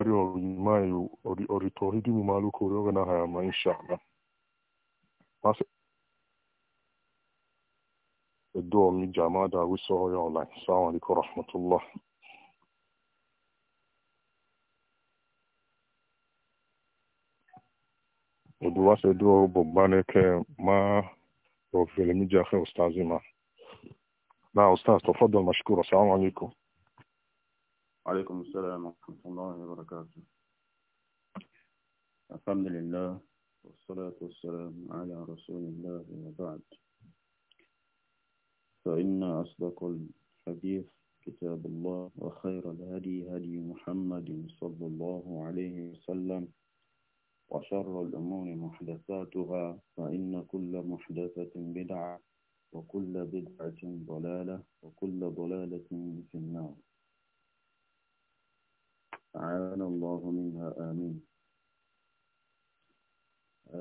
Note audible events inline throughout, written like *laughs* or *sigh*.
Imai oritohidi mumalu kurioga na hayama inshallah masa edo mi jama da we so yo online assalamu alaikum rahmatullah edo wa se do bogbane ke ma o fele mi jaxe ustazima na ustaz tafadhal mashkura assalamu alaikum عليكم السلام ورحمة الله وبركاته الحمد لله والصلاة والسلام على رسول الله وبعد فإن أصدق الحديث كتاب الله وخير الهدي هدي محمد صلى الله عليه وسلم وشر الأمور محدثاتها فإن كل محدثة بدعة وكل بدعة ضلالة وكل ضلالة في النار أعاذنا الله منها آمين dị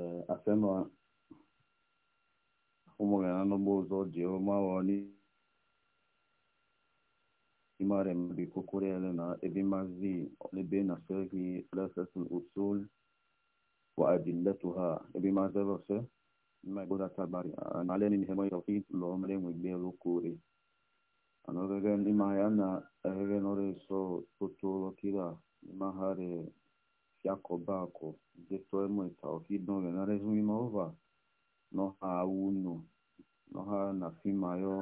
na ebi mazi olebe na sehi lesesin usul wa adillatuha ebi mazi rose mma ibola na aleni ni hemo yofi lo mere ndị na mahare fiakobako jetoemo taokido narezumimova noha uno noha nafimayo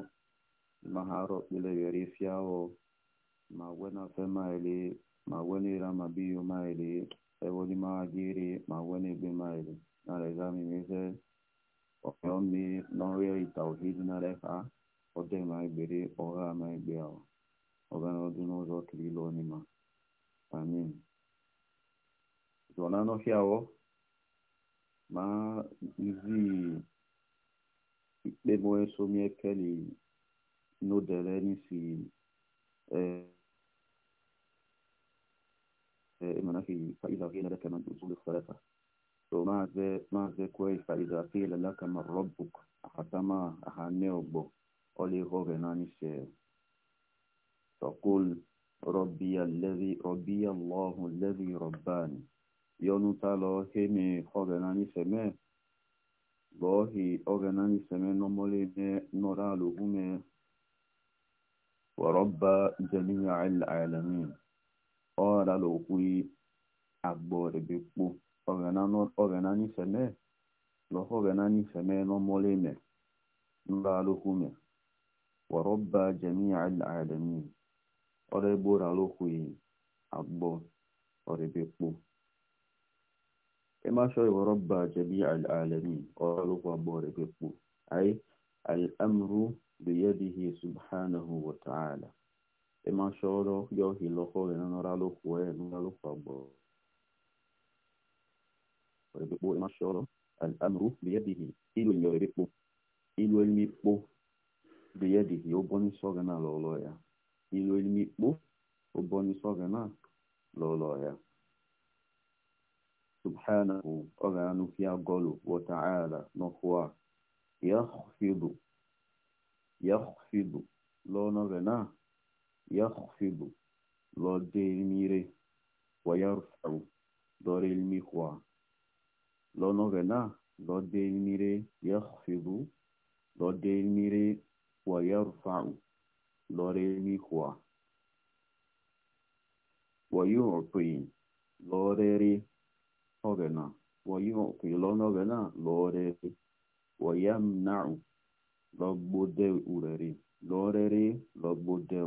maharo ileyere fiao mawena femaele mawenera mabiyo maele ewoli magere mawenegbe maele narezamimeze oyomi norie taohid nareha odemaegbere ọha amaegbe na ọgana ọdụ n'ụzọ kirilo onima amin zona no fiawo ma izi ikpe mo eso mi ekeli no dere nisi eh إما نفي فإذا قيل لك من أصول الثلاثة وما ذا ما ذا كويس فإذا قيل لك من ربك أحتما أحنيوبو أولي غوغناني سير تقول ربي الذي ربي الله الذي رباني يونو تالو هيمي خوغناني سمي لوهي اوغناني سمي نمولي نورالو همي ورب جميع العالمين أورالو قوي أكبر بيكو اوغناني سمي لو خوغناني سمي نمولي نورالو همي ورب جميع العالمين ọrẹ gbóra lóku yìí àgbọ ọrẹ bẹ po ẹ má ṣọ ìwọrọ bá jẹbi alẹmí ọrẹ lóku àgbọ ọrẹ bẹ po ayé alẹmúrú bìyẹdìhì subhanahu wa ta'ala ẹ má ṣọ ọrọ yọ ìlọkọ rẹ nínúra lóku ẹ nínúra lóku àgbọ ọrẹ bẹ po ẹ má ṣọ ọrọ alẹmúrú bìyẹdìhì ìlú ìyọrẹ bẹ po ìlú ẹni po bìyẹdìhì ó bọ ní sọgánà lọlọ ya ilu elimi kpo ụbọnyị sọgana lọlọ ya subhanahu ọ ga-anụkwu ya gọlụ wataala nọkwụa yakhfidu yakhfidu lọnọgana yakhfidu lọde elimire wayarfau lọrọ elimi kwụa lọnọgana lọde elimire yakhfidu lọde elimire wayarfau lọrọ eluigwe a wọyụọpụị lọrịrị ọgana wọyụọpụị lọnọgana lọrịrị wọyamnaụ lọgbode ureri lọrịrị lọgbode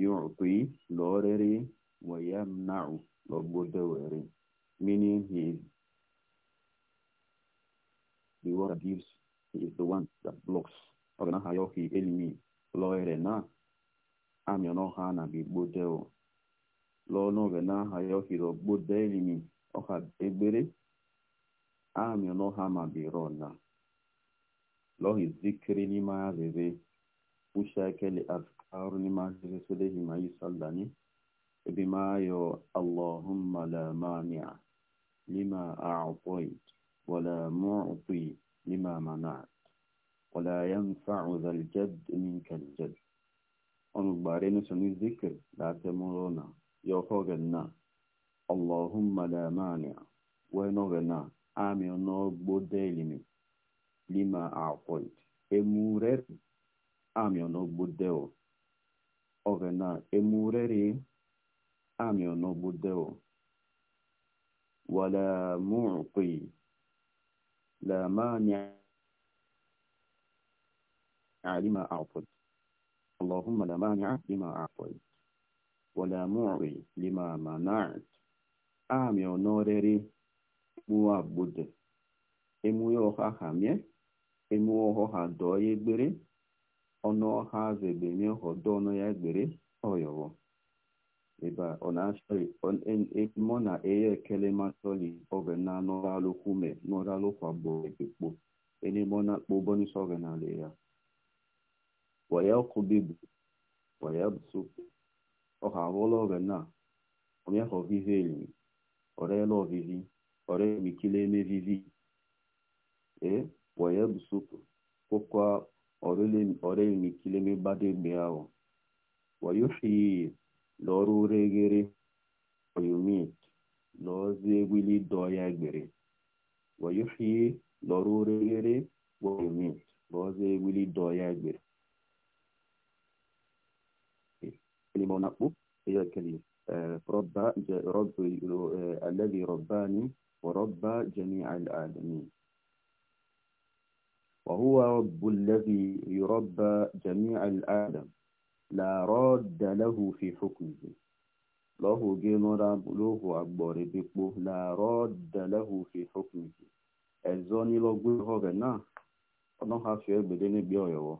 yụọpụị lọrịrị wọyamnaụ lọgbode ureri meaning he is the one that gives he is the one that blocks ọgana lọhere na amịọnọ ha na bigbodeo lọnụge na aha ya ohiri ogbodelimi ọha egbere amịọnọ ha ma biro na lọhi zikiri n'ime arịrị ushakele azkaru n'ime arịrị sodehi ma yi sallani ebi ma ayọ allahumma la mania lima a'toit wala mu'ti lima manat ولا ينفع ذا الجد منك الجد ونبارين سنو الذكر لا تمرونا يوخوغنا اللهم لا مانع ونغنا آمي ونغبو ديلمي لما أعطيت أمورر آمي ونغبو ديو أغنا أمورري آمي ونغبو ديو ولا معطي لا مانع لما أعطيت اللهم لا مانع لما أعطيت ولا معي لما منعت أمي ونورري موابد emuye ọha hamie emu ọhọ ha dọọ ya egbere ọnụ ọha azụ egbeme ọnụ ya egbere ọyọwọ ebe ọ na eye ekele masọli oge na n'ụra alụkwume bụ na ya ọkụ ويقبض ويبسط ọhawụla oge na onyeha ovivi elimi orela ovivi oremikile emevivi e wayebsupu kwụkwa oremikile megbada egbe ahụ wayuhiyi lọrụ reghere oyumit lọzi egwili dọọ ya egbere wayuhiyi lọrụ reghere oyumit lọzi egwili dọọ ya egbere كلمة ونقو هي كلمة رب رب الذي رباني ورب جميع العالمين وهو رب الذي يربى جميع العالم لا راد له في حكمه له جنرا له أكبر بيبو لا راد له في حكمه الزوني لو قوي هو غنا أنا هافي بدني بيو يو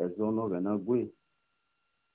الزوني غنا قوي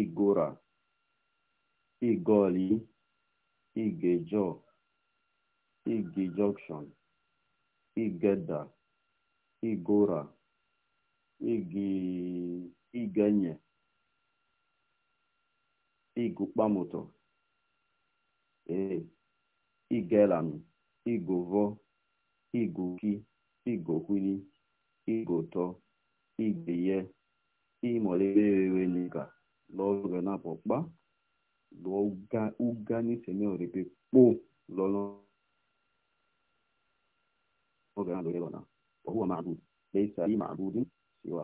igora igoli igejo igijunction igeda igora igi igenye igukpamụtọ, ee eh, igelami igovo iguki igokwini, igotọ igeye imọlebewewenika lọ́rọ̀ náà bọ̀ pa lọ́ọ́gá ní sẹ́mi ọ̀rẹ́ pé pò lọ́lọ́ lọ́rọ̀ náà lórí ọ̀nà ọ̀hún àmàlù lẹ́yìn sàrí màálù ní ìwà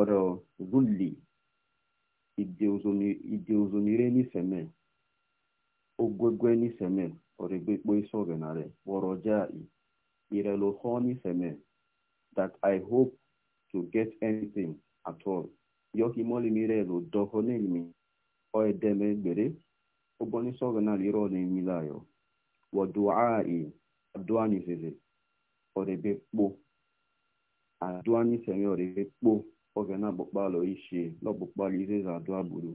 ọ̀rọ̀ zulli ìdè òzòmìrè ní sẹ́mẹ̀ ogwẹ́gbẹ́ ní sẹ́mẹ̀ ọ̀rẹ́ pé pé sọ̀rọ̀ náà rẹ̀ já ní that I hope to get anything at all. yoki moli mirelo doho nelmi o edeme gbere oboni soga na liro ne milayo wa du'ai aduani zeze orebe po aduani semi orebe po oge na bokpalo ishe lo izeze adua buru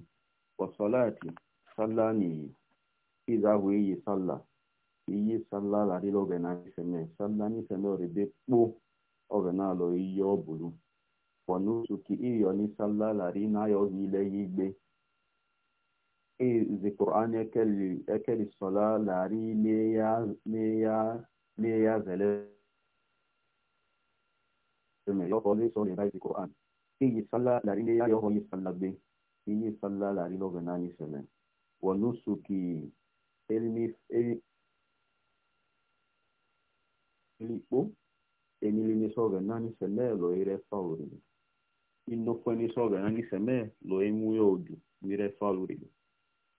wa salati sallani iza hu iyi salla iyi salla la rilo oge na seme sallani semi orebe po oge na lo iyi oburu wanusuki iyo ni salla lari nayo ile yigbe e zi qur'an ekeli ekeli sala lari ne ya ne ya ne ya zele me yo ko so ni zi qur'an e yi salla lari ne ya yo yi salla be e yi salla lari lo gana ni sele wanusuki elmi eli o emili ni so gana ni sele lo ire fauri indokwenisoga yani seme loemu yodu mire falurido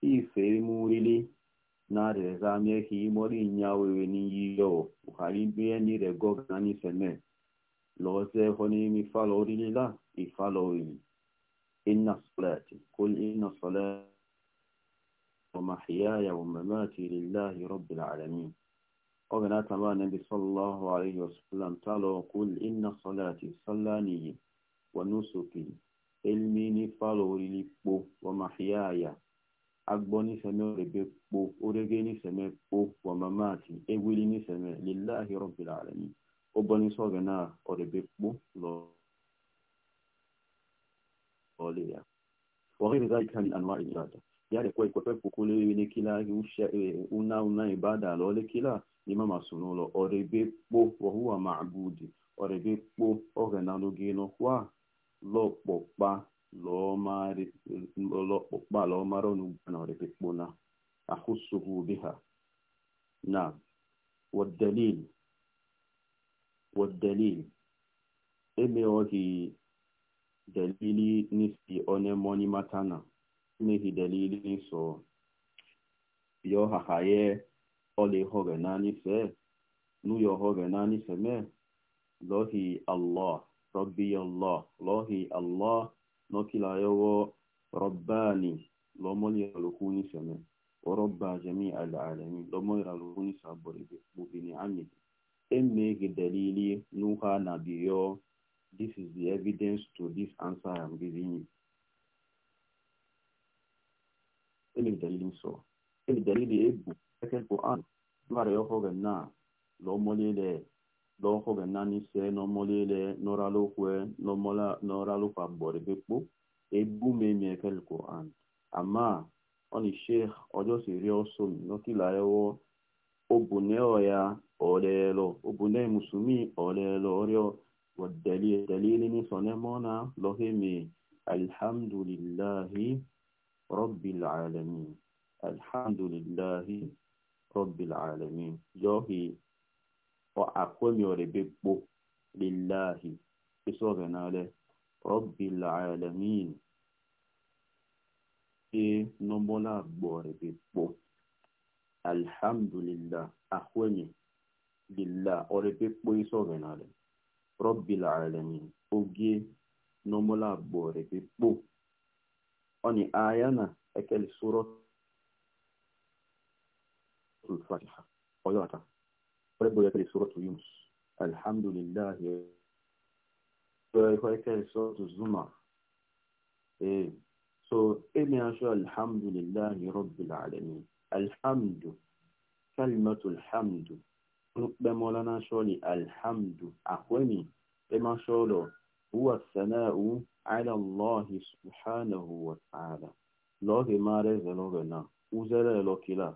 ife imurili nare zamye ki mori nyawe ni yo uhalibie ni rego yani seme loze honi mi falurili la ifalowini inna salati kul inna salati ومحياي ومماتي لله رب العالمين وبنات ما النبي صلى الله عليه وسلم قال قل إن صلاتي صلاني ونسكي علمي نفالو ريلي بو ومحياي agbọ́ nífẹ̀mẹ́ òrèbè po orégé nífẹ̀mẹ́ po wàmàmá àti ewéli nífẹ̀mẹ́ líláàhí rọ̀bìlà rẹ̀ ni ó bọ́ ní sọ́ọ̀gẹ̀ náà òrèbè po lọ wọ́n rí kan rẹ̀ kókó lórí ní kílá kílá ní má máa lọ́pọ̀pá lọ́ọ́ máa rọ́nù gbọ́nà rẹ̀ fi pọ́nà àkóṣòwò bí ha náà wọ́dẹ̀lìl wọ́dẹ̀lìl eme ọhị delili n'isi onye mọni matana n'ihi delili n'iso yọ hahaye ọla ihọgẹ naanị fe n'ụyọ ọhọgẹ naanị fe mee lọhị allah ربي الله الله الله نوكلا يو رباني لومول يلوكوني سمي ورب جميع العالمين لومول يلوكوني سابوري بنعمه أمي دليلي نوها نبيو This is the evidence to this answer I'm giving you. Ele dalili so. Ele dalili ebu. Eke Quran. Mare yofo gana. Lomolele lon hoga nani se nomolele noralo kwe nomola noralo pa bore bepo e bume mi ekel Quran ama oni sheikh ojo se ri oso mi no kila ewo obune oya olelo obune musumi olelo orio والدليل دليل صنمنا لهمي الحمد لله رب العالمين الحمد لله رب العالمين جوهي o akoli ore bepo lillahi iso renale rabbil alamin e nomola gbore bepo alhamdulillah ahwenye lillah ore bepo iso renale rabbil alamin ogie nomola gbore bepo oni ayana ekel surat الفاتحة ويعتقد ربو يكري سورة يونس الحمد لله يكري سورة الزمر سو إيه. so إني أشهد الحمد لله رب العالمين الحمد كلمة الحمد نقبل مولانا شولي الحمد أخواني إما شولو هو الثناء على الله سبحانه وتعالى لوغي ما رزلوغنا وزلوكي لا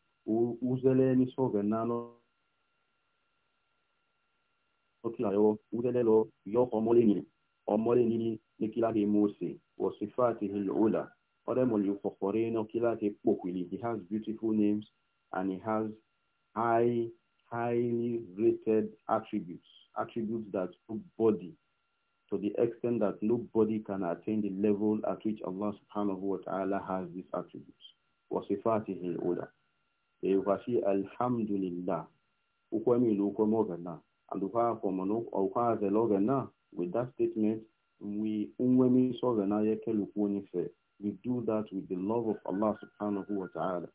uzele ni sove nano okila yo uzele lo yo omole ni omole ni ni kila ke mose wa sifatihi al-ula odemo li ufokoreno kila ke pokwili he has beautiful names and he has high highly rated attributes attributes that body to the extent that nobody can attain the level at which Allah subhanahu wa ta'ala has these attributes. وصفاته الأولى egwafi alhamdulillah ukwemile ukwem oge na and ukwa zele oge na with that statement we unwemiso oge na yekelukwu onye fe you do that with the love of Allah subhanahu wa ta'ala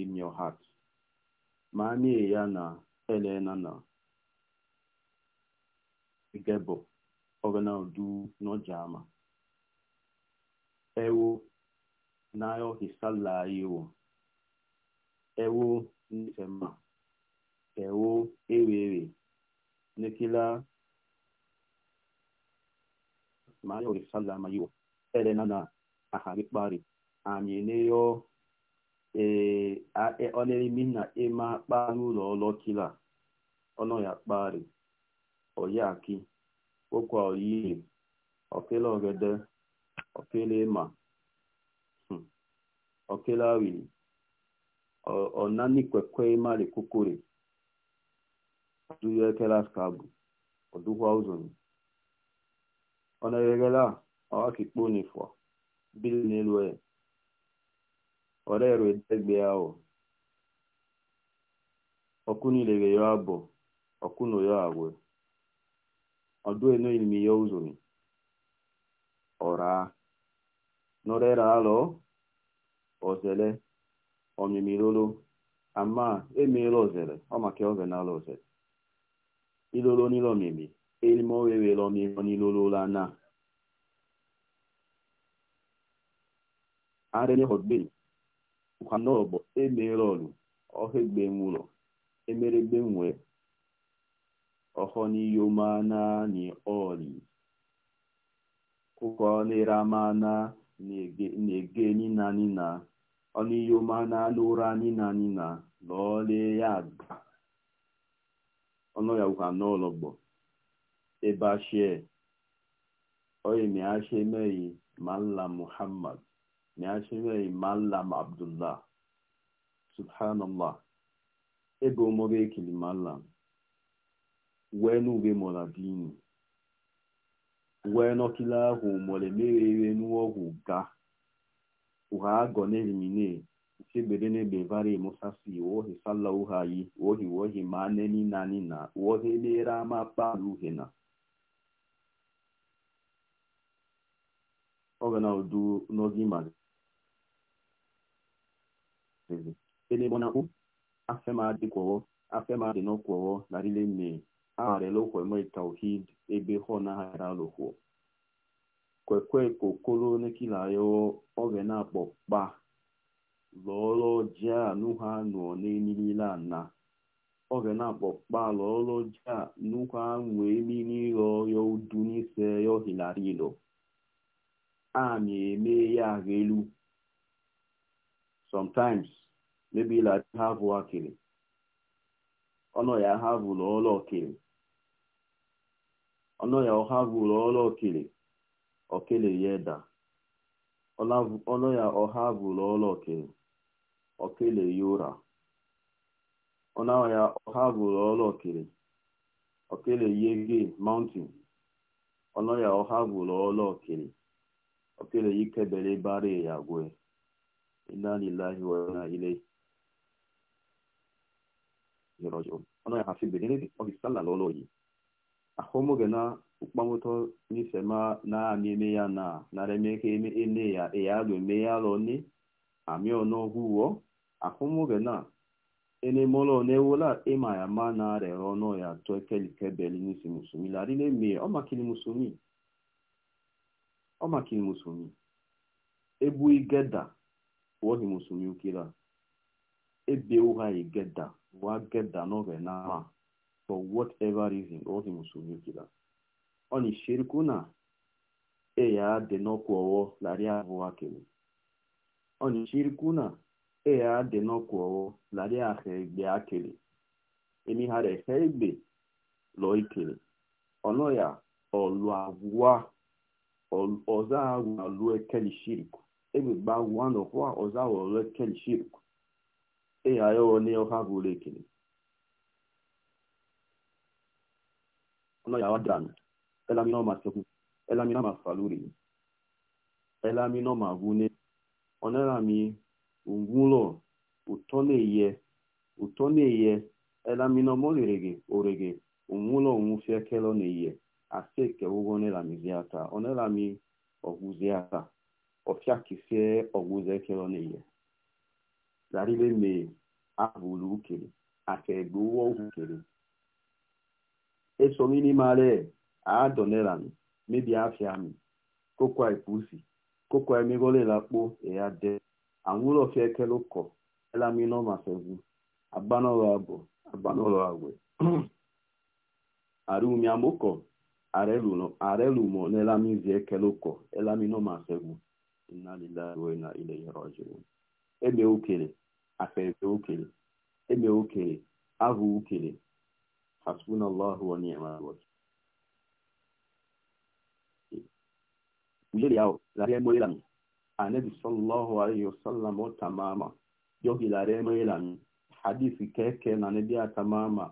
in your heart ma ni ya na elena na gebo oge na udu n'ojama ewo na yo hisalla iwo ewu ma ewu ewere nekila mayo risala mayo ere e, e, na aha kpari anyị neyo ee ọnerimi na ịma kpari ụlọ ọlọ kila ọnọ ya kpari oyi aki okwa oyiyi okele ogede okele ma hmm. okele awiri. onani kwekwe mari kukuri duyo ekela skabu oduhwa uzoni ona yegela awa kipuni fwa bili nilwe orero edegbe yawo ọkụ yo abo okuno yo agwe ya eno ilimi yo uzoni ora norera alo ozele ọmịmirolu ama emeela ozere ọ maka ovenala ozere ilolo n'ile omimi elime owewere ọmịmọ n'ilolola na arịnye hotbin kwanọọgbọ emeela ọlụ ọhegbe nwụlọ emeregbe nwee ọhọ n'iyoma na ni ọlị kụkọ na ama na na-ege nina nina ọnụiyoma na-anụ ụra nina na lọọle ya agba ga ọnụya ụka n'ọlọgbọ ebe ashie oyemi ashemeghị malla muhammad meashemeghị mallam abdullah subhanallah ebe omobe ekili mallam wee n'ube moladini wee nọkila ahụ mole mere ire n'ọgwụ gaa uha gonerimine isegberenegbe vari musasi wohi salla uhayi wohi wohi mane nina nina wohi berama paluhena ogana udu nozima enebona u afema adikwowo afema adinokwowo larile me amarela okwemo tauhid ebe ho na hara lokwo kwekwe kokolo nekila yo ovena kpọkpa lọọlọ ji a nuha nọ n'enilila na ovena kpọkpa lọọlọ ji a nuha nwee nini yọ udu n'ise yọ hilari ilo a na-eme ya elu sometimes maybe like ha bụ akịrị ọnọ ya ha bụ lọọlọ kiri ọnọ ya ọha bụ lọọlọ kiri okeleyeda ọnụ ya ọha vụrụ ọlọke okeleya ụra ọnụ ya ọha vụrụ ọlọkiri okeleya ge mountain ọnụ ya ọha vụrụ ọlọkiri okeleya ikebere bara ya gwe inanilahi wana ile ọnụ ya hafi bedere ọgịsala oyi ahụ ahụmụ gị na ukpangwoto nisema na meme ya na naremeke ene ya eyalo eme ya loni ami ono huwo akumuge na ene enemolo newola ema ya ma na rere ono ya to ekelikebeli nisi musumi lari neme ọmakili musumi ọmakili musumi ebu igeda wohi musumi ukira ebe ụgha igeda wa geda n'oge na ma for whatever reason wohi musumi ukira oni shirkuna eya de nokwowo lari abu akele oni shirkuna eya n'ọkụ ọwọ lari ahụ egbe akele emi hara ehe egbe lo ikele ono ya olu agwa ọza agwa lu ekeli shirku egbe gba agwa nọkwa ọza agwa lu ekeli shirku eya yo ni ọha bụrụ ekele ono ya ọ wadami elamina ma seku elamina ma faluri elamina ma vune onelami ungulo utoneye utoneye elamina molirege orege ungulo unwufie kelo neye ase kewogo onelamiziata onelami ọgwụziata ọfiakisie ọgwụzi ekelo neye zaribe mee abụlu ukele aka egbe ụwọ ukele esomini mare adonelan mebie afiami kokwa ipusi kokwa emegolela kpo eyade anwụrụ ofe ekele ụkọ elamino masegwu agbanụlọ abụ agbanụlọ agwe *clears throat* arumiamụkọ arelumo n'elamizi ekele ụkọ elamino masegwu nnalilawena ileyerojuru eme okele afefe okele eme okele ahụ okele hasbunallahu wa ni'mal wakil ujeri yao laria mo ilan anabi sallallahu alaihi wasallam tamama jogi laria mo ilan hadisi keke na nabi tamama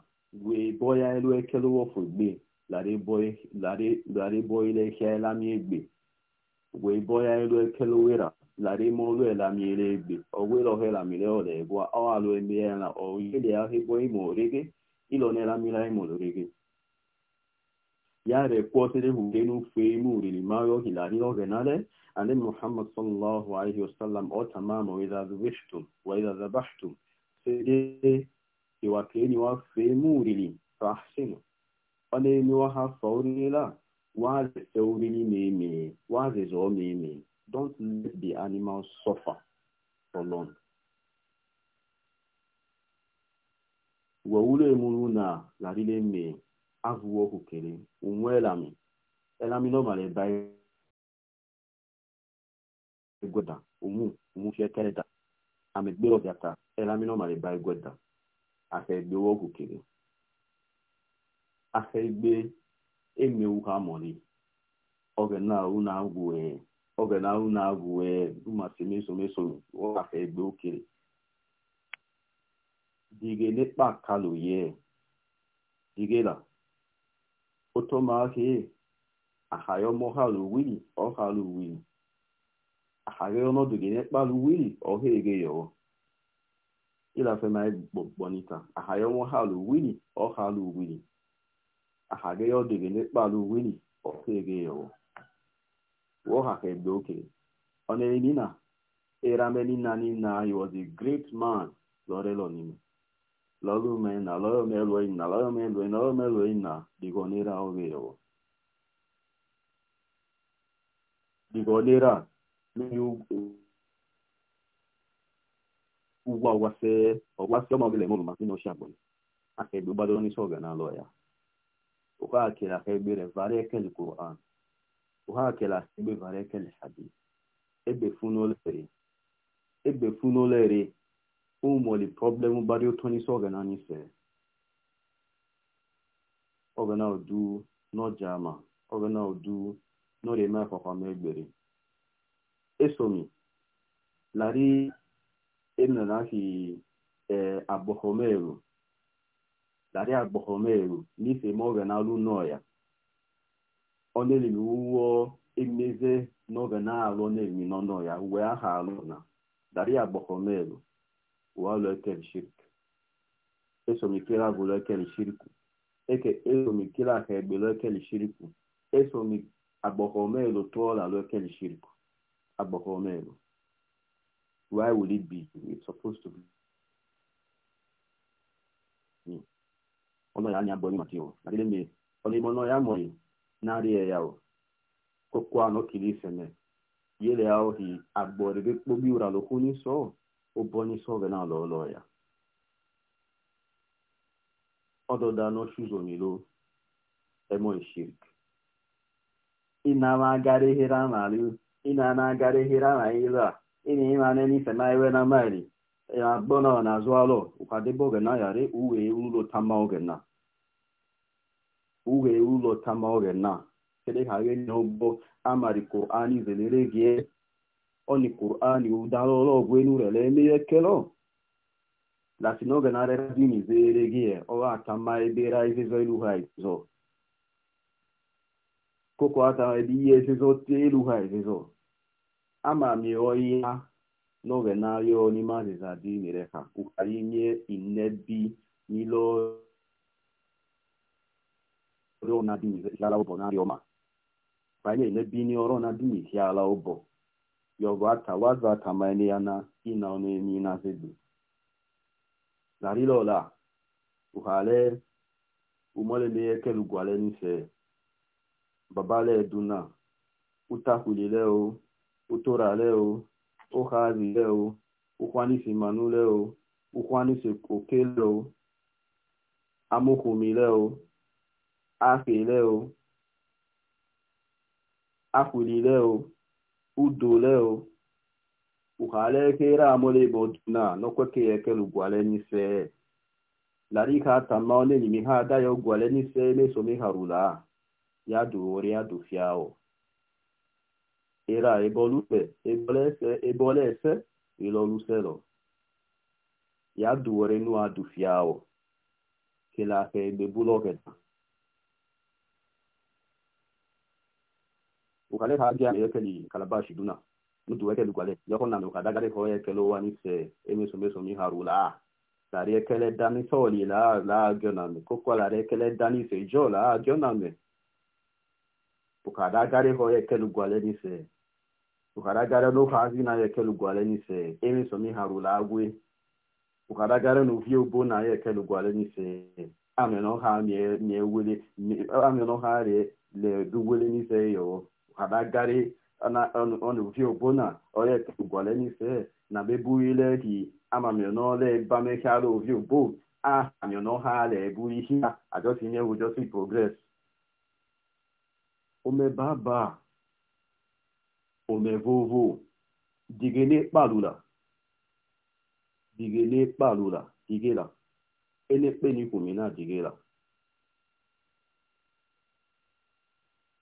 we boya elu ekelu wo fugbe lare boy lare lare boy le khela mi egbe we boya elu ekelu wera lare mo lu ela mi ele egbe owe lo hela mi le ole egwa o alu emi ela o yele ahi boy mo rege ilo ne la mi la mo rege ya reported hugenu femu lilimayo hilali ogenale and then Muhammad sallallahu alayhi wa sallam otamama wa idha dhubishtum wa idha dhabahtum sege iwakeni wa femu lili fahsinu wane ni wa hafa urinila waze seurini meme waze zo meme don't let the animals suffer for long wa ule muluna larile meme avuwo kukele umwe elami elami nomale bai gweda umu umu fie keleta amegbero fiata elami nomale bai gweda afegbe wo afegbe emewu ha mori oge na u na agwue oge na u na agwue dumasi mesomeso wo afegbe okele dige la otomake ahari ọmọhalu wili ọhalu wili ahari ọnọdụ gị wili ọha ege yọrọ ilafe ma e bonita ahari ọmọhalu wili ọhalu wili ahari ọdụ gị nekpalu wili ọha ege yọrọ wọhaka egbe ọ na eramenina nina was a man lọrelọ n'ime loyo mena loyo meluina loyo meluina loyo meluina digonera oveo aka egbe gbadoro n'isi na ya ụha aka egbere vara ekele ụha aka egbe vara ekele hadi ebe n'olere ebe n'olere ụmụli problem gbara ụtọ n'isi ọgana n'ife ọgana odu n'ọja ama ọgana odu n'ọrịa eme akwakwa ma egbere esomi lari emnanahi ee eh, agbọhọmeru lari agbọhọmeru n'ife ma ọgana alụ n'ọya ọ na-elili ụwọ emeze n'oge na alụ na-elimi n'ọnụ ya wee aha alụ na dari agbọhọmeru waleke shirk esomikila bulekeli shirku eke esomikila hegbe lekeli shirku esomi agbohomelu tuola lekeli shirku agbohomelu why would it be it's supposed to be ọnọ hmm. ya anya bọrọ maka iwu nagide mmiri ọnụ ime ọnọ ya mọrị narị e ya o kokwa anọ kiri ifeme ya ohi agbọrịbe kpogbi ụra ụbụ onye isi ogenala ụlọ ya ọdụda n'ochuzonilo emoshik ịna-agarịghịra na ile a ịna ịmane n'ife na iwe na maili agbọna na azụ alọ ụkwadebe ogena yari uwe ụlọ tama ogena uwe ụlọ tama ogena kede ha ghe n'ụgbọ amariko anyị zelere gie oni qur'ani udalo lo gwenu rele mi ekelo lati no ganare dini zeregie o atama ebera elu ha haizo koko atama ebiye izezo te ha haizo ama mi oya no ganayo ni maziza dini reha ukarinye inebi ro na dini na ni na yogwata waza kamaene yana inaone mina zedu larilola uhale umole meyeke lugwale nise babale eduna utahulile o utorale o ohazile o uhwanisi manule o uhwanisi okele o amuhumile o ahile o ahulile o o! udoleo uhalekera amolebo n'i nokwekeyekela ugwalenise larika atama onenyimi ha adaghị ogwalenise mesomi harula ya duori ya du dufiao era ebolupe ebolese ebolese iloluselo ya du duore nu adufiao kelafe egbebuloketa ukale hagia ekeli kalabashi duna mtu weke lukale yoko na ukadagare ho ekele wani se emeso meso mi harula la rekele dani soli la la gioname kokwa la rekele dani se jo la gioname ukadagare ho ekele gwale ni se ukadagare no hazi na ekele gwale ni se emeso mi harula agwe ukadagare no vi obo na ekele gwale ni se ameno ha mie mie wele ameno ha re le du wele ni se yo adagari onuvio bona oye ugwale nise na bebuyile ki amamio n'ole bamekiala ovio bo ahamio n'ọha ala ebu ihe ajọsi ihe wu jọsi progres omebaba omevovo digele kpalula digele kpalula digela enekpenikwumina digela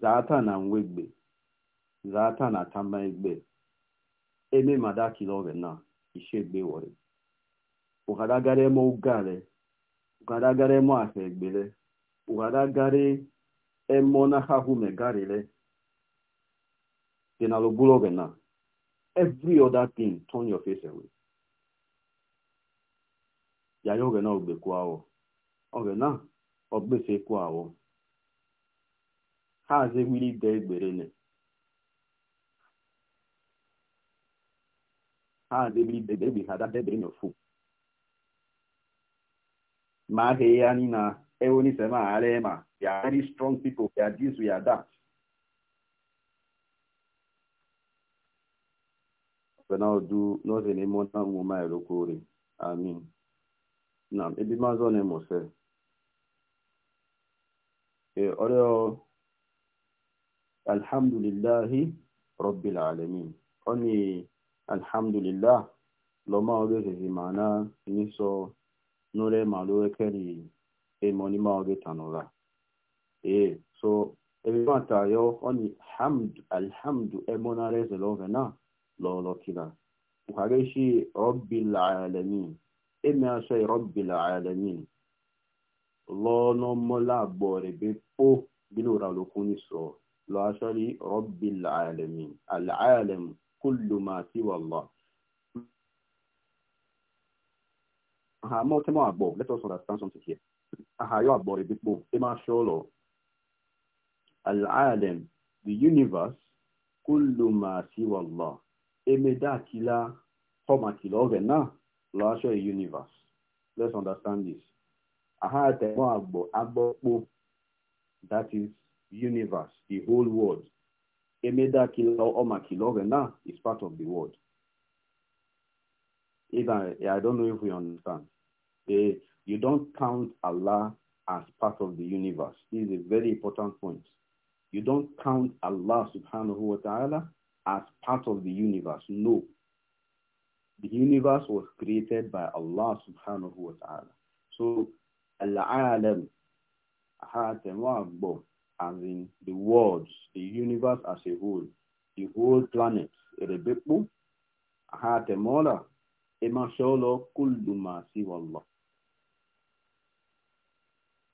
zata na nwegbe zata na tama egbe eme madakilove na ishegbe wore ughadagaremo ugare ughadagaremo ahegbere ughadagare emo na hahumegarire dinalobulove na every other thing turn your face away yaya ogena ogbekwu awo ogena ogbese kwu awo ha azegbiri ide egberele ha azegbiri ide egbe ha dabere n'ofu ma ahịa ya ni na ma ara they are very strong pipo they are ya we are that ọta ami na na alhamdulillahi rabbil alamin ọni alhamdulillah lọ́mọ ọdún ṣèṣì máa ná ní sọ núrẹ́ màá ló kẹ́rì èèmọ̀ ní máa ọdún tànúra ee so ebi máa tààyọ ọni alhamdu ẹmọ náà rẹ̀ ṣe lọ́fẹ̀ẹ́ náà lọ́ọ́lọ́ kíra buhari ṣe rabbil alamin èmi aṣọ rabbil alamin lọ́ọ́nà mọ́lá àgbọ̀ rẹ̀ bí pọ́ bí lóra lókun ní sọ̀rọ̀ lọ́ṣọ́rí rọ́bì làálẹ̀mí àlàálẹ̀m kúlù máa ti wà lọ. àmọ́ tí mo àgbọ̀ let us understand something here àhàyọ́ àgbọ̀ rẹ̀ dípò ẹ máa ṣọ́ lọ. àlàálẹ̀m the universe kúlù máa ti wà lọ. èmi dákìlá fọ́màkìlọ́ ọ̀rẹ́ náà lọ́ṣọ́ universe let's understand this. àhàyà tẹ̀wọ́n àgbọ̀ agbọ́pọ̀ that is universe, the whole world. Emeda kilo oma kilovena is part of the world. Either I don't know if we understand. Eh, you don't count Allah as part of the universe. This is a very important point. You don't count Allah subhanahu wa ta'ala as part of the universe. No. The universe was created by Allah subhanahu wa ta'ala. So, Al-Alam, Hatem wa as in the world, the universe as a whole, the whole planet, Erebepu, Hatemola, Emasholo, Kulduma, Siwallah.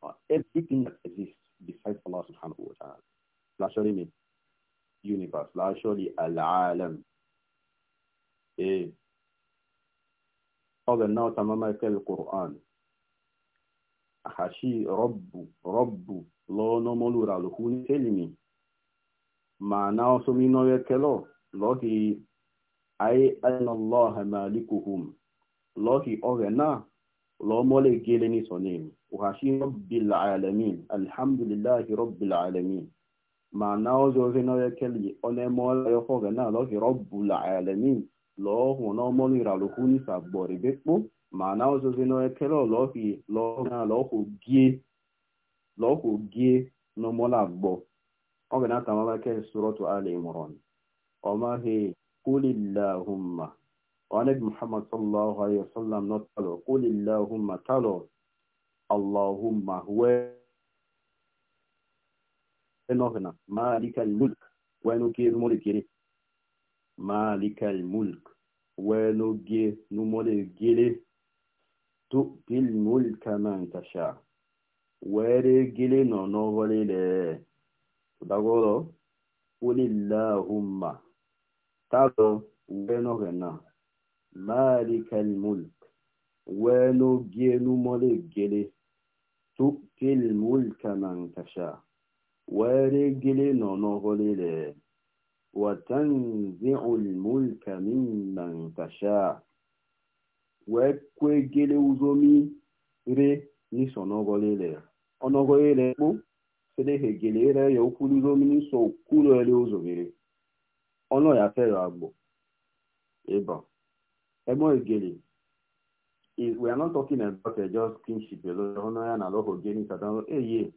Uh, everything that exists besides Allah subhanahu wa ta'ala. Lashari means universe. Lashari al-alam. Eh. قال النار تماما Quran, أحشي رب رب lo nomolura lo huni elimi ma na oso mi noye kelo lohi ai aina allah malikuhum lohi ogena lo mole gele ni sonemi uhashi rabbil alamin alhamdulillahi rabbil alamin ma na ozo ze noye keli one mole yo ogena lohi rabbul alamin lo hu nomolura lo huni sagbori bepo ma na ozo ze noye kelo lohi lo na lo hu gie lọkụ gie n'ọmọla agbọ ọ ga na-atamala ke suratu ala imran ọmaghị kulillahumma ọnib muhammad sallallahu alaihi wasallam nọ talo kulillahumma talo allahumma huwe enohna malikal mulk wenuke mulkiri malikal mulk wenuge numole gele tu'til mulka man tasha' were gili nọ n'ovolile dagoro ulillahumma talo wenogena malikal mulk weno gienu mole gele tukil mulka man tasha were gili nọ n'ovolile watanzi'u al-mulka mimman tasha wekwe gele uzomi re nisonogolile onogoele po se deje gelere yo kuluzo mini so kwuru ele uzo vere ono ya fero agbo ịba emo egele is we are not talking about uh, just kinship alone ono ya na loho gini sadano eye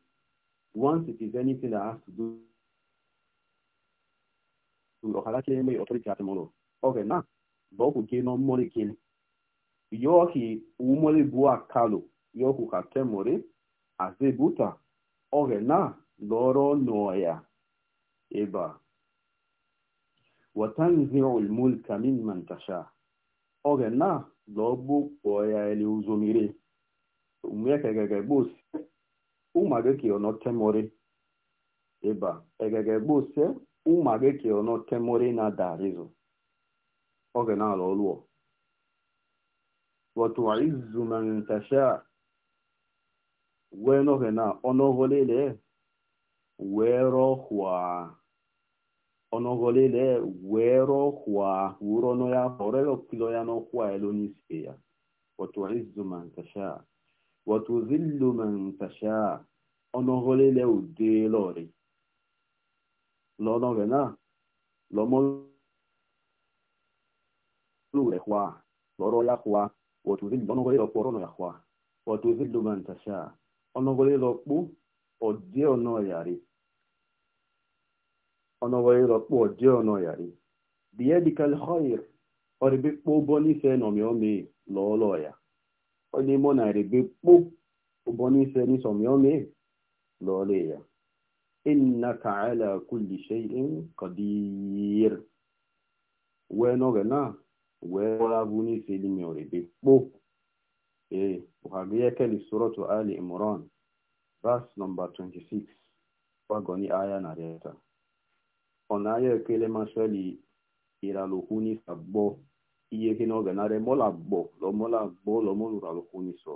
once it is anything that has to do ojalá que me authority at moro okay na bo ku ke no mori kele yo ki umole bua kalo yo ku ka temore azebuta oghena lọrọ n'ọya ebe a watanzi'u al-mulka mimman tasha oghena lọgbọ ọya ele uzomire umwe kegege gbosi umage ke ono temori ebe a egege gbosi umage ke ono temori na darizo oghena lọlụọ وتعز من تشاء wee n'oge na ọnụgolele wee rọhụa ọnụgolele wee rọhụa wuru ọnụ ya ọrịa okilo ya n'ọkwa elu n'isi ya وتعز من تشاء وتذل من تشاء ọnụgolele ile ude lọrị lọ́nà rẹ̀ náà lọ́mọ lù rẹ̀ wá lọ́rọ̀ yá wá wọ̀tún sí lọ́nà rẹ̀ ọ̀pọ̀ ọ̀rọ̀ yá wá wọ̀tún sí lọ́mọ ìtàṣà ọnọgọlẹ lọpọ ọdẹ ọnà yàrí ọnọgọlẹ lọpọ ọdẹ ọnà yàrí bìyẹ dìkà lọhọyìr ọrẹbẹ kpọ bọ nífẹ nọmíọmí lọọlọyà ọdẹmọ náà ala kulli shay'in qadir ee uhagia keli suratu ali imran verse number 26 wagoni aya na reta ona ekele mashali iraluhuni sabbo iye kí n'oge narị mola gbo lomola gbo lomolura luhuni so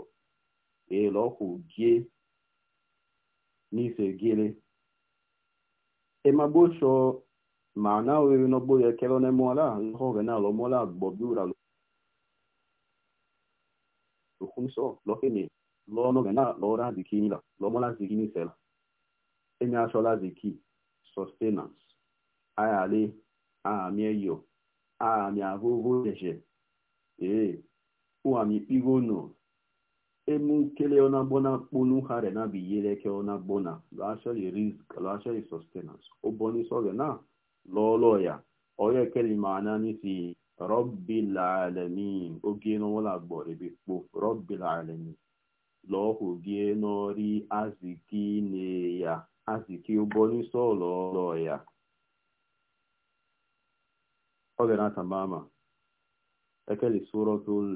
ee lọhụ gie n'ife gele emagbocho ma na ohere n'ogbo ya ekele onemola n'oge na lomola gbo biura kumso lo kene lo no gana lo ra zikini la lo mola zikini la enya shola ziki sustenance aya ale a mi eyo a mi agogo jeje eh u ami pigono emu kele ona bona kponu hare na bi yere ke ona bona lo actually risk lo actually sustenance o boni so gana lo lo ya oye kele maana ni si rabbil alamin oge n'ụlọ agbọrọ ebe kpo rabbil alamin lọhụ gị n'ọrị aziki ne ya aziki ụbọnisọ lọlọ ya ọ ga na tamama ekeli suratul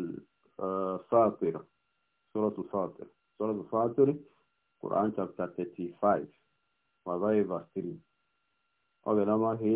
eh, fatir suratul fatir suratul fatir quran chapter 35 wa verse 3 ọ ga na amaghị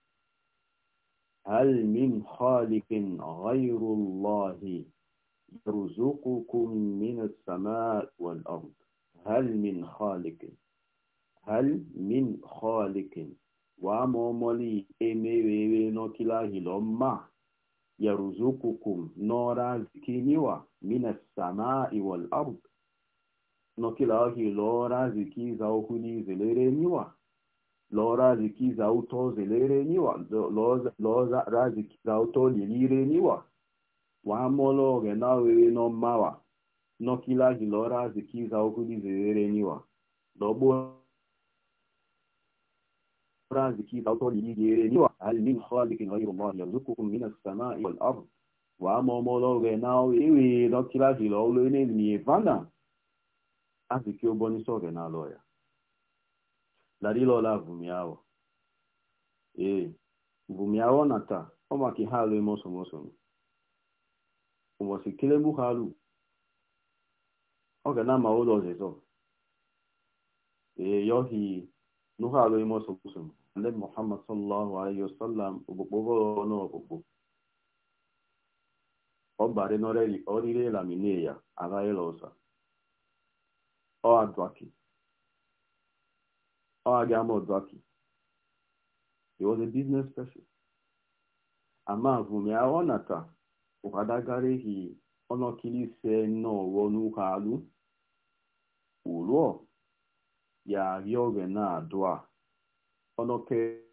هل من خالق غير الله يرزقكم من السماء والأرض هل من خالق هل من خالق وامومولي وينو نوكيلا لما يرزقكم نورا زكينيوا من السماء والأرض نوكيلا لورا زكي زاوكولي زليرينيوا lora ziki za utozeleleniwa lora ziki za utolilileniwa wamolo gena wewe no mawa nokila lora ziki za okulizeleleniwa lobo ziki za utolilileniwa hal min khaliqin ghayru allah yarzuqukum min as-sama'i wal ard wamolo gena wewe nokila gilolo ne ni vana aziki gena loya larilola vumiao ee vumiao nata ọmaki ha alụ emosomosom ụbọchị kelegbu ha alụ ọ ga na ama ụlọ ọzịzọ ee yohi nuha alụ emosomosom ndị muhammad sallallahu alaihi wasallam okpokpo ọnụ ọkpụkpụ ọ bare n'ọrịrị laminee ya ịlọ ọsọ. E ọ adwaki Agamo Zaki. He was a business person. Ama vumia onata ukadagari hi onokili se no wonu halu ulo ya rioge na dua onoke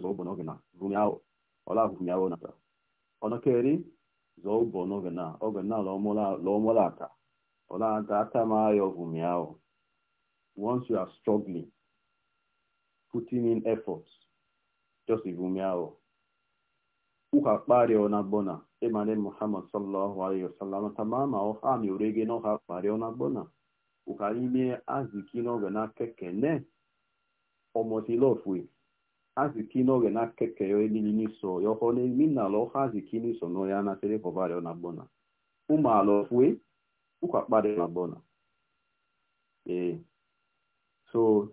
zobonogena vumia ola vumia onata onokeri zobonogena ogena lomola lomolata ola ata once you are struggling, putting in efforts, just ivumi aho. Ukakpari ona bona, emane Muhammad sallallahu alayhi wa sallam, tamama o hami urege no hakpari ona bona. ime aziki no gana keke ne, omoti lofwe. Aziki no gana keke yo elili niso, yo hone minna lo haziki niso no yana tere kovari ona bona. Uma lofwe, ukakpari ona bona. Eh. so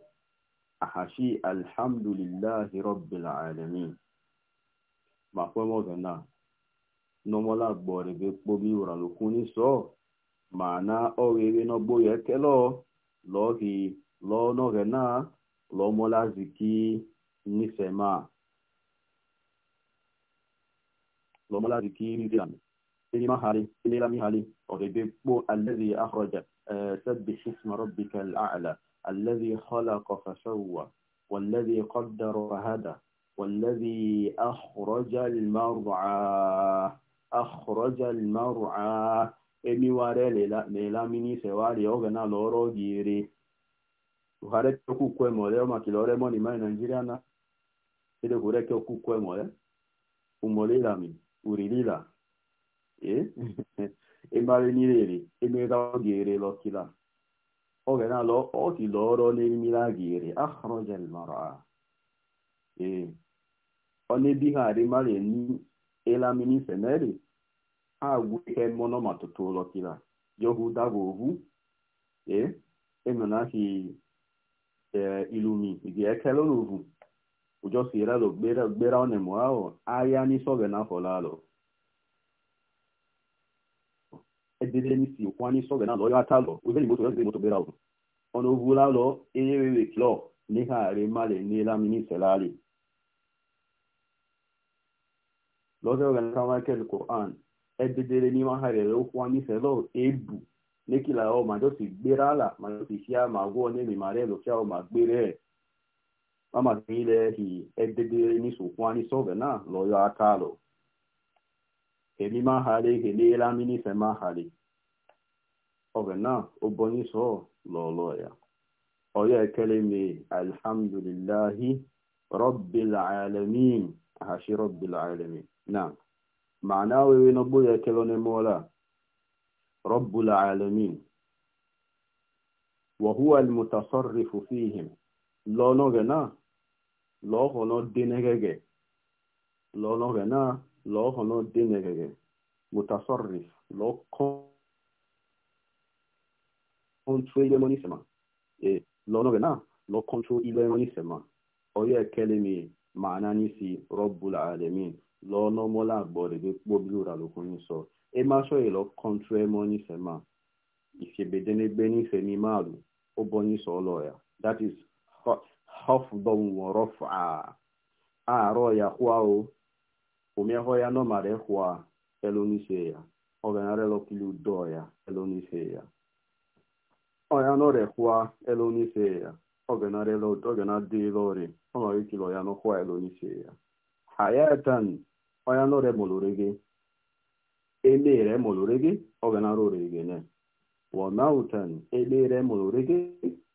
ahashi alhamdulillahi rabbil alamin ma pe mo na no mo la gbo re be po bi ora lo kun ni so ma na o we we no bo ye ke lo lo hi lo no ge na lo mo la ziki ni sema lo mo la ziki ni sema إلى مهالي إلى مهالي أريد بو الذي أخرج سبح اسم ربك الأعلى الذي خلق فسوى والذي قدر فهدى والذي أخرج المرعى أخرج المرعى إمي واري ليلا ميني سواري أوغنا لورو جيري وخارج كوكو كوي مولي وما كي لوري موني ماي نانجيري أنا إذا كوري كوكو كوي مولي ومولي لامي وري ليلا إيه إما ريني ريلي إمي دا جيري لوكي oge na-alọ ọkịlọ ọrụ n'erimiri a ga-ere ahụrụjel mara ee ọnebi ha arimari ni elamini seneri agwụ ihe mmono matutu ụlọkịla yohuda bụ ohu ee emenahi ilumi igi ekele n'ovu ụjọ si relo gbera onemụ ahụ ahịa n'isi oge na afọlalụ dédé ní sí òkú ní sọ̀rọ̀ náà lọ́yọ́ àtàlọ́ òbí ìmọ̀tò yọ̀ọ́ sí ìmọ̀tò bẹ́ẹ̀ lọ. ọ̀nà òwú lálọ́ eré kìlọ̀ ní ààrẹ malẹ̀ ní lámìnì sẹ̀láàrì. lọ́sẹ̀ rẹ̀ ní káwákẹ́lì quran ẹ dédé ní wọ́n ààrẹ rẹ̀ òkú ní sẹ̀lọ́ èébù ní kìlà ọ̀ màjọ́ sì gbéra là màjọ́ sì ṣíà màgọ́ ní mìmàrẹ́ lọ́kíà ọ̀ màgbére ẹ̀ hi ededere ni sukwani sove na loyo akalo hemi mahale helela mini semahale ọgana ụbọnyị sọ lọlọ ya ọya ekele me alhamdulillahi rabbil alamin ahashi rabbil alamin na ma'ana wewe na gbo ya ekele ne mola rabbul alamin wa huwa al mutasarrif fihim lo no gana lo hono denegege lo no gana lo hono contrôler mon isma. Et l'on a le contrôle mon isma. Oye kelemi maanani si robbul alamin. L'on a mola bore de bobilura lo kuniso. E ma so e contrôle mon isma. If ye bedene beni se mi malu. O boni so loya. That is hafdon wa raf'a. Aro ya kwa o. Umeho ya no mare kwa. Elonise ya. Oganare lo kilu doya. Elonise ọya nọrekwua elonise ya oge na-adịlori ọnọikilo ya nọkwa elonise ya hayatan ọya nọre molore gị emere molore gị oge na rore gị ne wamautan emere molore gị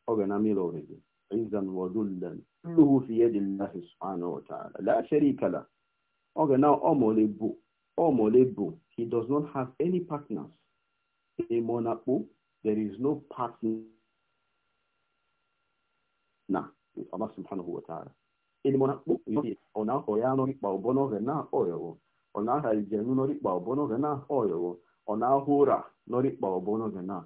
oge na milore gị izan wadullan kulluhu fi yadillahi subhanahu wa ta'ala la sharika ọgana oge bụ ọmọlebu bụ he does not have any partners ịmọ na kpu There is no partner with Allah subhanahu wa ta'ala. Ili mona kpukpi ona hoya no ikpa ọ gena oyowo. Ona halijenu no ikpa obono na oyowo. Ona hura no ikpa obono gena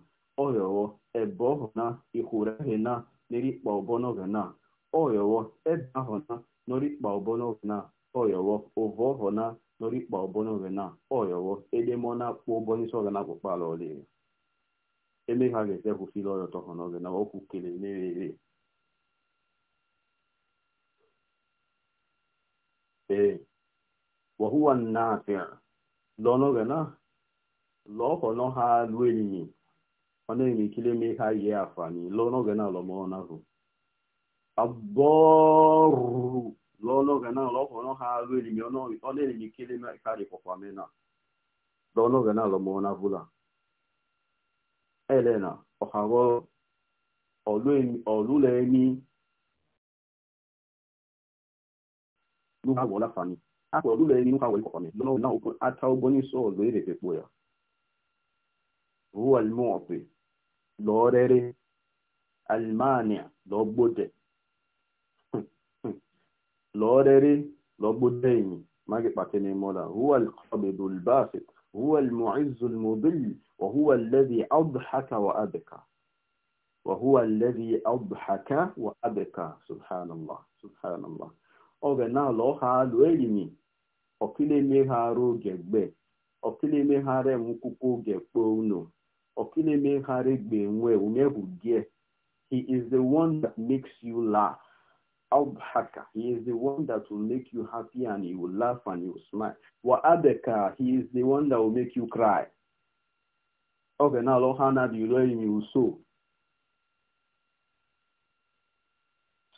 oyowo. Ebo na ihura gena ikpa obono oyowo. Eba hona no ikpa obono ala oliri. eme ha ga-eze kwụsịrị ọrịa ọtọ ha n'oge na okwu kele na-ere ee wọhụwa na-apịa lọ n'oge na lọọkọ nọ ha lụ enyi ọ na-eme ikile mee ha yie afa ni lọ n'oge na lọ mọọ na hụ abọọrụ lọ na lọọkọ nọ ha lụ enyi ọ na-eme ikile eme ha rịpọkwa mena lọ na lọ mọọ na hụ la elena ọ̀hàrọ̀ ọ̀lúlẹ̀ẹ́ni lúwàwọ̀ láfààní àpò ọ̀lúlẹ̀ẹ́ni lúwàwọ̀ ìkọ̀ọ̀mẹ̀ lọ́wọ́ náà òkú ata ogbó ní sọ ọ̀lọ́ èrè pẹ̀pọ̀ yà ruwa ilmu ọ̀pẹ̀ lọ́ọ̀rẹ́rẹ́ alimania lọ́gbọ́dẹ̀ lọ́ọ̀rẹ́rẹ́ lọ́gbọ́dẹ̀ yìí má gẹ̀ pàtẹ́ ní mọ́lá ruwa ilkọ̀ọ̀bẹ̀ lọ́lbáfẹ̀t هو المعز المضل وهو الذي أضحك وأبكى وهو الذي أضحك وأبكى سبحان الله سبحان الله ọgana lọha alụ elimi ọkịlemeghara oge gbe ọkịlemeghara nkwụkwọ oge kpo unu ọkịlemeghara gbe nwe umehụ gị he is the one that makes you laugh Abhaka, he is the one that will make you happy and he will laugh and he will smile. Wa Abeka, he is the one that will make you cry. Okay, now Lohana, do you know him?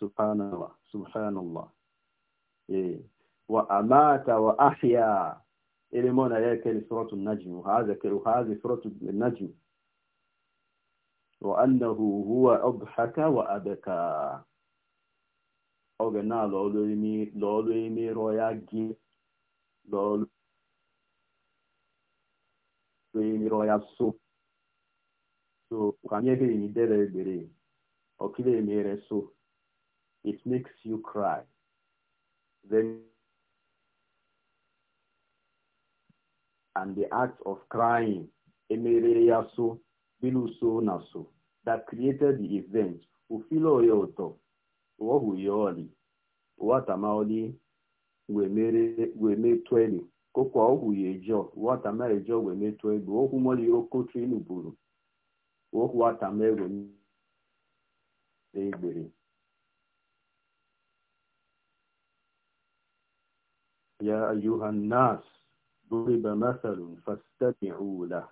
Subhanallah, Subhanallah. Wa Amata wa Ahya. Elimona ya keli suratu najmi. Uhaze keli uhaze suratu najmi. Wa annahu huwa abhaka wa abeka. Wa abeka. oge na lọọlụ imerụ ya gị lọọlụ imerụ ya so so kanye gị enyi dere ebere ọkịla emere so it makes you cry then and the act of crying emerere ya so bilu so na so that created the event ụfila oya ụtọ wohuyoli watamaoli wemere wemetweli kokwa ohuyejo watamerejo wemetweli ohumoli okotrin buru ohuwatame wemegbere يا ya الناس ضرب مثل فاستمعوا له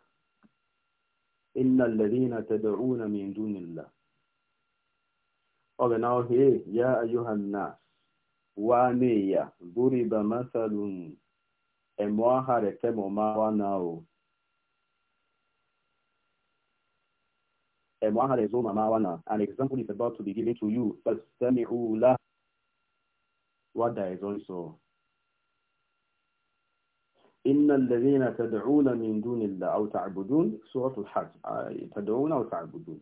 إن الذين تدعون من دون Okay, now here, Ya Ayuhanna, Waneya, Buriba Masalun, Emwahare Temo Mawa Mawanao, Emwahare Zoma Mawana, an example is about to be given to you, but tell me who la, what that is also. إن الذين تدعون من دون الله أو تعبدون سورة الحج تدعون أو تعبدون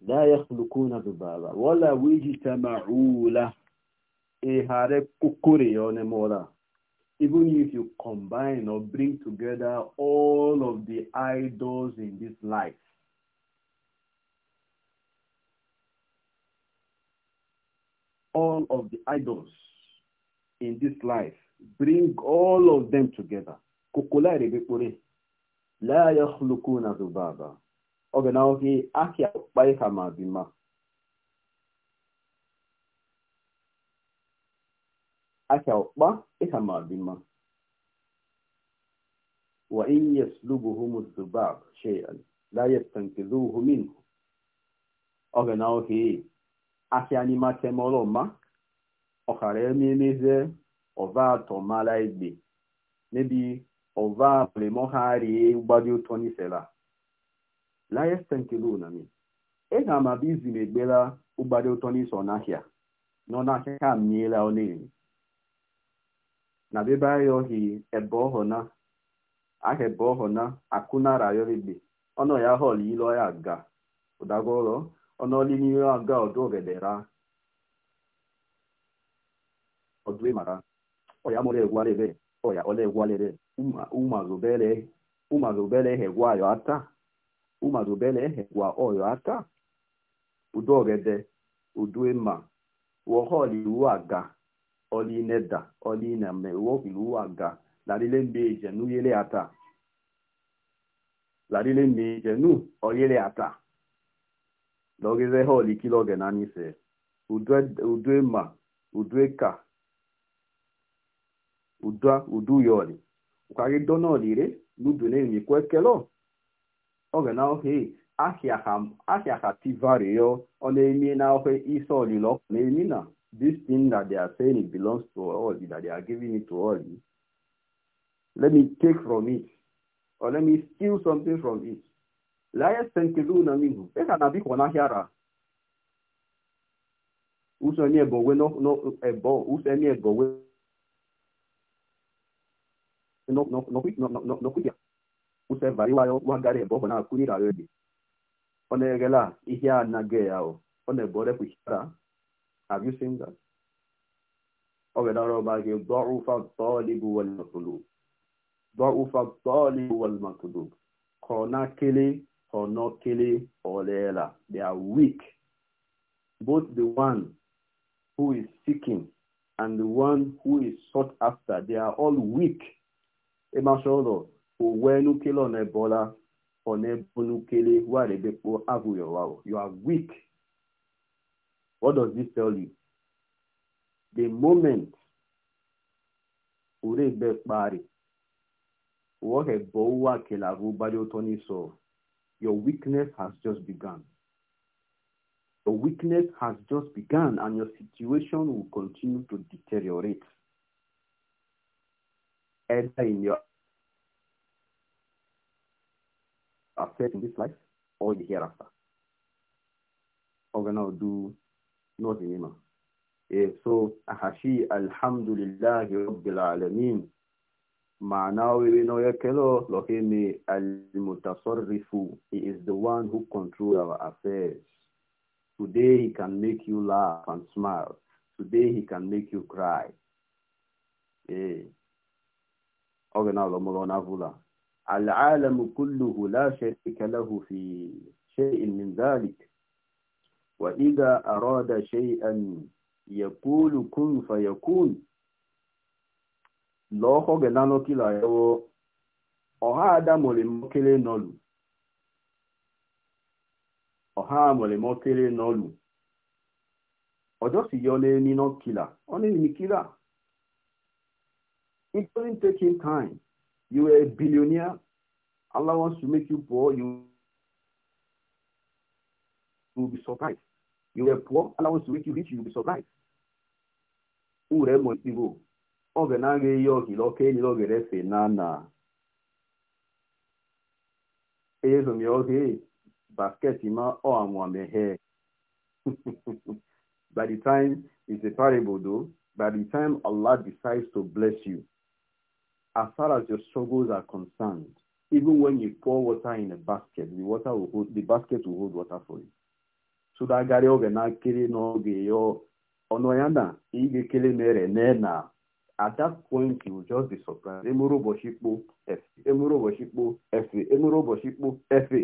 لا يخلقون ذبابا ولا ويجتمعوا له even if you combine or bring together all of the idols in this life. All of the idols in this life, bring all of them together. Kukula rebekure. La zubaba. oge na oge ahịa kpai ha ma dị mma ahịa ọkpa ịha ma dị mma wa in yaslubuhum dhubab shay'an la yastankizuhu minhu oge na oge ahịa n'ime akemọrọ mma ọkara ememeze ọva atọ mara igbe mebi ọva pụrịmọgharị gbadi ụtọ n'ifela la yastankiruna min ega amabizi egbela ụgbado ụtọ n'isi ọnahịa n'ọnahịa ka miela ọnịrị na bebe ohi, ebe ọhọna aha ebe ọhọna akụnara ayọrịgbe ọnọ ya họl ilo ya ga ụdagọrọ ọnọli n'ire aga ọdụ ogedera ọdụ ịmara ọya mụrụ egwalere ọya ọla egwalere ụmazobere ụmazobere hegwa ayọ ata umadubelehe gwa oyo aka udogede uduema woholiwaga olineda ọrịa wohiluwaga larile mbejenu yele ata larile mbejenu oyele ata logeze holikiloge nanise uduema udueka udua uduyoli ukagidonolire ludunemi kwekelo oge na ohe ahịa ha tivario ọ na-eme na ohe isi ọkụ na-eme na this thing that they are saying it belongs to all that they are giving it to all let me take from it or let me steal something from it la yastankiduna minhu eka na biko na hiara uso ni ebo we no no ebo uso ni ebo we no no no no no no no usevaliwayo wa ebe ọ bụ na-akwụ n'ira oge ọ na la, ihe a ya o ọ na-ebore have you seen that ọ wedara ọba gị dọrụfa tọọlibụ walmatulu dọrụfa tọọlibụ walmatulu ka ọ na-akele ọ nọkele ọleela they are weak both the one who is seeking and the one who is sought after they are all weak ịmasha ụlọ Owe nukele on ebola, on ebonukele, warebepo avuyo You are weak. What does this tell you? The moment urebe pari, uwe bowa kelavu bajo toni so, your weakness has just begun. Your weakness has just begun and your situation will continue to deteriorate. Either in your in this life or the hereafter. gonna do not in So, ahashi Alhamdulillah, rabbil alameen. Maana wa no yakelo lohemi al-mutasarrifu. He is the one who controls our affairs. Today he can make you laugh and smile. Today he can make you cry. Eh. Organa lo molona vula. العالم كله لا شريك له في شيء من ذلك وإذا أراد شيئا يقول كن فيكون lọ́ọ́kọ́ gẹ̀nánà kìlà ẹ̀wọ̀ ọ̀há àdámọ̀lẹ́mọ́kẹ́lẹ́ nọlù ọ̀há àmọ̀lẹ́mọ́kẹ́lẹ́ nọlù ọjọ́ sì yọ lé nínú kìlà ọ́ ní ìmìkìlà it's going to take time You were a billionaire. Allah wants to make you poor. You will be surprised. You were poor. Allah wants to make you rich. You will be surprised. Ure motivo. Oge na aga eyi oge oke enyi oge refe na na. Ezo mi oge basket ma o amwamehe. *laughs* By the time, is a parable though. By the time Allah decides to bless you, as far as your struggles are concerned, even when you pour water in a basket, the water will hold, the basket will hold water for you. So that gari oge na kiri n'oge yo ọnọyana ige kele mere ne na at that point you will just be surprised. Emuru ụbọchị kpo efe, emuru ụbọchị kpo efe, emuru ụbọchị kpo efe.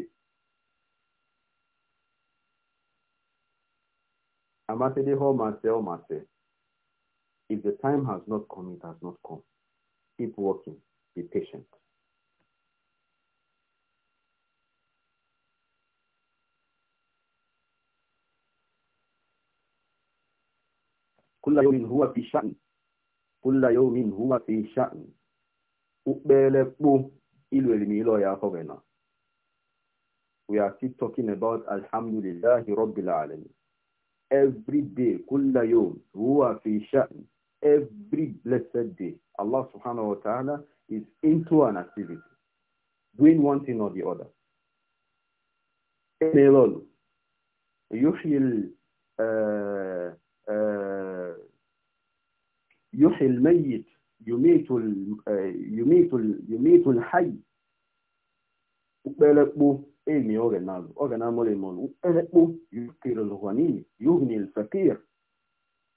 ho ha ọmasị ọmasị. If the time has not come, it has not come. Keep working. Be patient. كل يوم هو في شأن كل يوم هو في شأن we are still talking about Alhamdulillah, Rabbil Alamin. Every day, كل يوم هو في شأن every blessed day, Allah subhanahu wa ta'ala is into an activity, doing one thing or the other. يحيي يحيي الميت يميت يميت يميت الحي ukpelekpo emi oge na oge na amụrụ imụrụ ukpelekpo yukirul ghani الفقير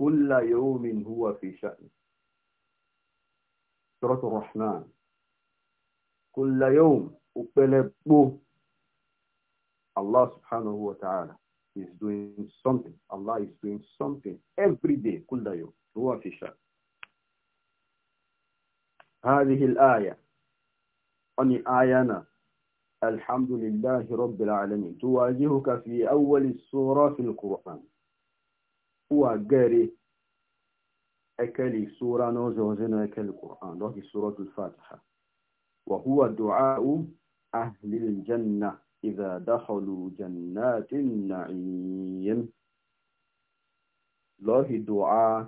كل يوم هو في شأن سورة الرحمن كل يوم أبلبو الله سبحانه وتعالى is doing something. Allah is doing something every day. كل يوم هو في شأن هذه الآية أني آيانا الحمد لله رب العالمين تواجهك في أول السورة في القرآن huwa gari ekeli sura nozo hozeno ekeli Qur'an doki suratul Fatiha wa huwa du'a'u ahli al-janna idha dakhalu jannatin na'im lohi du'a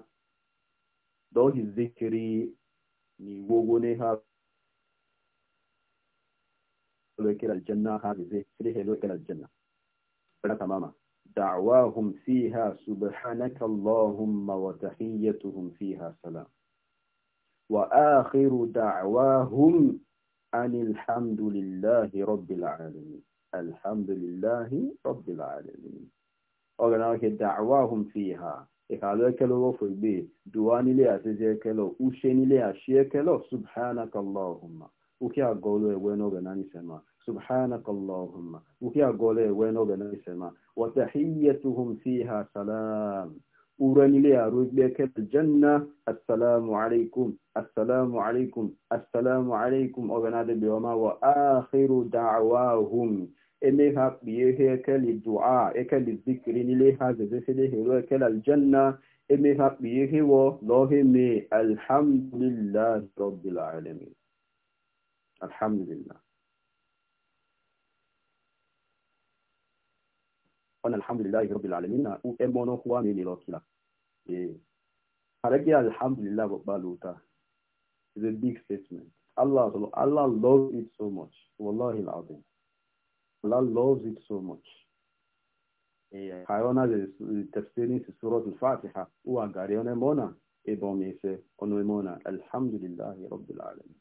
dohi zikri ni wogone ha lekela al-janna ha zikri helo kela janna bana tamama دعواهم فيها سبحانك اللهم وتحيتهم فيها سلام وآخر دعواهم أن الحمد لله رب العالمين الحمد لله رب العالمين أغنى دعواهم فيها إخالو كلو في البيت دواني لي أتزي كلو وشيني لي أشي كلو سبحانك اللهم وكي أقولوا وينو بناني سما سبحانك اللهم وكيا قولي وينو بنسما وتحيتهم فيها سلام ورني لي بك الجنة السلام عليكم السلام عليكم السلام عليكم وبناد بيوما وآخر دعواهم إني هاك بيه كل الدعاء كل الذكر لها زفله كل الجنة هاك بيه هو الله مي الحمد لله رب العالمين الحمد لله wana alhamdulillahi rabbil alamin na u emono kuwa mi ni lokila eh haraki alhamdulillah baluta is a big statement Allah Allah loves it so much wallahi alazim Allah loves it so much eh hayona de tafsirin si surah al-fatiha u agarione mona e bon mi se ono mona alhamdulillahi rabbil alamin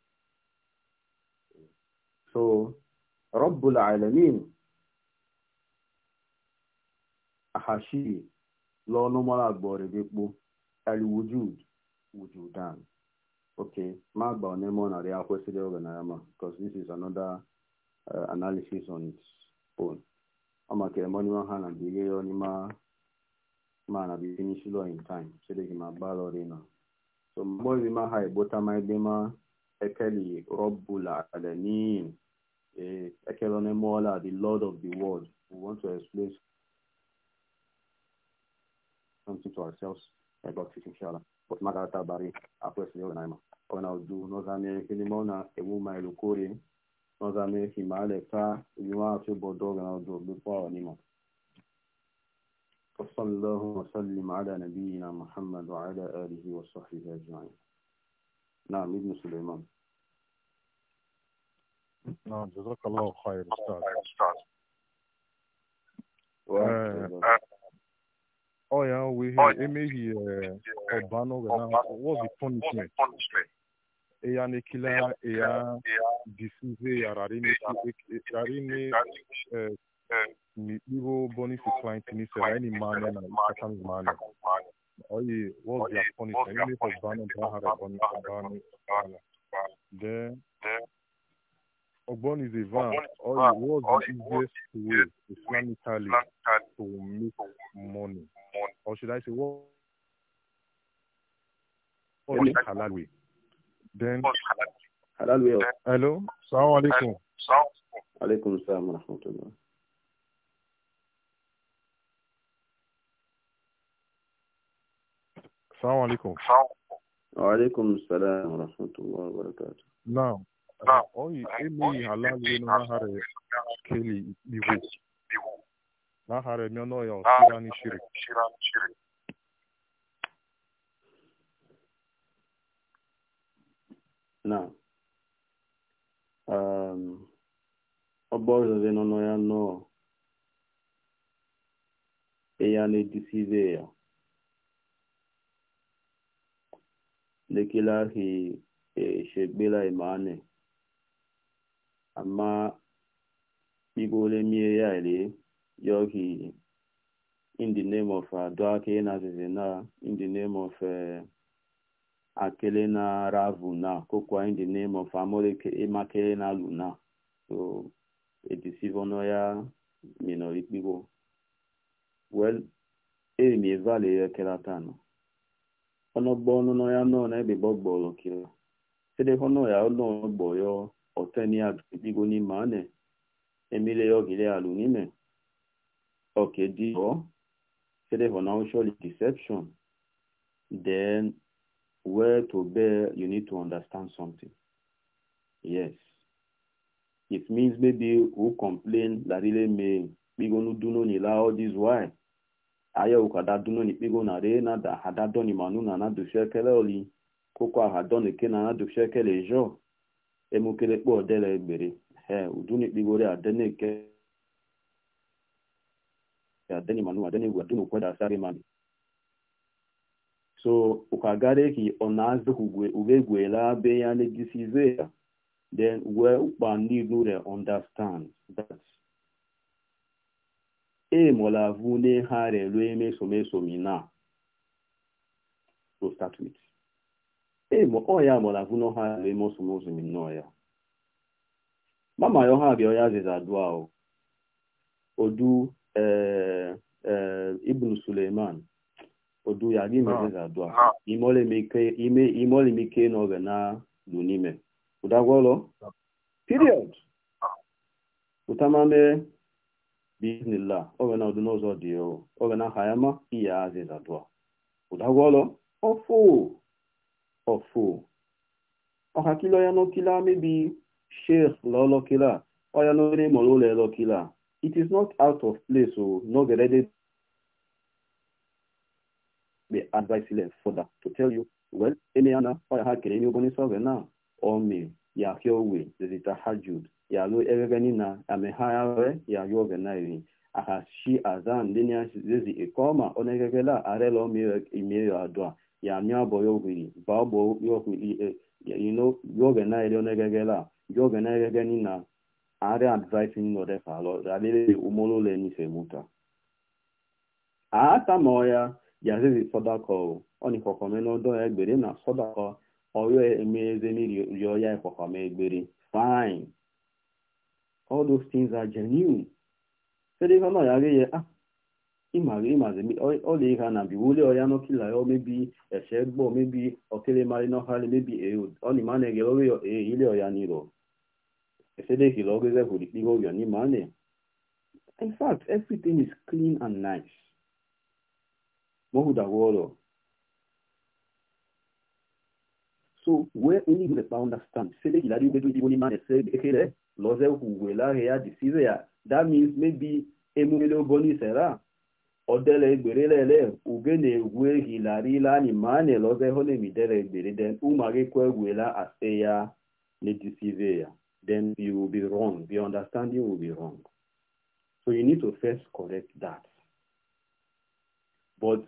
so rabbul alamin hashiri lọnụmara agbọrọ gị kpo alwujud wujudan okay ma gba onye mọ narị akwesịrị oge na ya ma because this is another uh, analysis on its own ọ maka emonyima ha na bilie ya onye ma na bilie n'isi law in time sịrị gị ma gbaa na so mgbe ma ha egbota ma ebe ma ekeli rọbula alamin e, ekele onye mụọla the lord of the world we want to explain something to ourselves inshallah. But Magata Bari, do Nozame a woman Lukuri, Nozame Himale you are Bodog and do before Nima. وصلى الله وسلم على نبينا محمد وعلى آله وصحبه أجمعين نعم ابن سليمان نعم جزاك الله خير أستاذ Oh yeah, we hear. It may be a ban over now. What's the punishment? Eya ne kila, eya disize, ya rarine, rarine, ni iwo boni si client ni se rani mane na katami mane. Oye, what's their punishment? Maybe for ban and ban har ban ban. Then Ogbon is a van. Oye, what's the easiest way Islamically to make money? morning. Or should I say, what? Well, yes. halal way. Then. Halal way. Oh. Hello. Assalamu alaikum. Salaam Alaikum assalam wa rahmatullah. Assalamu alaikum. Wa alaikum assalam wa rahmatullah wa barakatuh. Now. Now. Oh, you, halal way no matter. Kelly, you Maha ramiona ya usirani shirk. Naam. Um, ọgbọ́rọ̀ ṣe nọ́nà ya náà èyà ní dìsíze ya lékílá hì ṣègbélà ìmáàni àmá gbígbó lé mí ẹ̀yà ìlé Yogi in the name of uh, Nazizena, in the name of uh, Akelena Ravuna, Kokwa in the name of Amoleke Emakelena Luna. So it is even minority people. Well, Amy e Valley Kelatano. Ọnọgbọnụ nọ ya nọ na-ebe bọgbọlụ Sede họnọ ya ọgbọ e ya ọtọ ni adịgo Emile ya okay deal say for now surely deception then where to bear you need to understand something yes it means maybe who complain larile me kpigonu duno ni la all this why aya ukada duno ni kpigo na re na da hada doni manu na na dushekele oli koko aha doni ke na na dushekele jo emukele kpo odele egbere he uduni kpigore adene ke adeni manu adeni wadunu kweda asari mani so ukagare ki onazi ugwe ugegwela be ya negisize then we ukpa need nure understand that e mola vune hare mina to start with e mo oya mola vuno hare ya mama yo ha bi o Ibnu suleiman odu ya gị mere ga ah, adua ah. imolimike n'oge na nụ n'ime ụdagwọlọ period utamame biznila oge na ọdụ n'ụzọ dị o oge na aha ya ma iya azịza dua ụdagwọlọ ọfụ ọfụ ọhakilo ya n'okila mebi sheikh lọlọkila ọya n'ore mọrọ ụlọ elokila it is not out of place o oh, n'ogerede be advice left further to tell you well emeana ọya ha kere ihe ogo n'isi ọbịa na ọmị ya hịa owe zezita ha jud ya lụ oh, na? nina amehagharị ya yụ ọbịa na iri aha shi azan ndị na zezi ikọma onegegela arela ọmịmeyo adụ eh, eh, eh, Adwa, ya mịa ah, bọ ya ogwiri ba ọgbọ ya ogwiri ya ino yọọgana iri onegegela yọọgana erebe nina are advising no refalo adele umolo le ni se muta ata moya yazizi sodako oni kokome no do egbere na sodako oyo eze ni yo ya me egbere fine all those things are genuine sede kono ya ah mi o le na bi wole o ya no kila yo maybe gbo maybe okele mari no hale maybe e o ni yo e ile o ya ni Esedeki logeze huli pigo yoni mane. In fact, everything is clean and nice. Mohuda wolo. So where only the bound understand. Sedeki la dibe dibe ni mane se ekele loze huwela ya disize ya. That means maybe emumele oboni sera. Odele egberelele uge na egwu ehilarila ni mane loze hole midere egbere then umage egwuela ase ya na disize ya. then you will be wrong. The understanding will be wrong. So you need to first correct that. But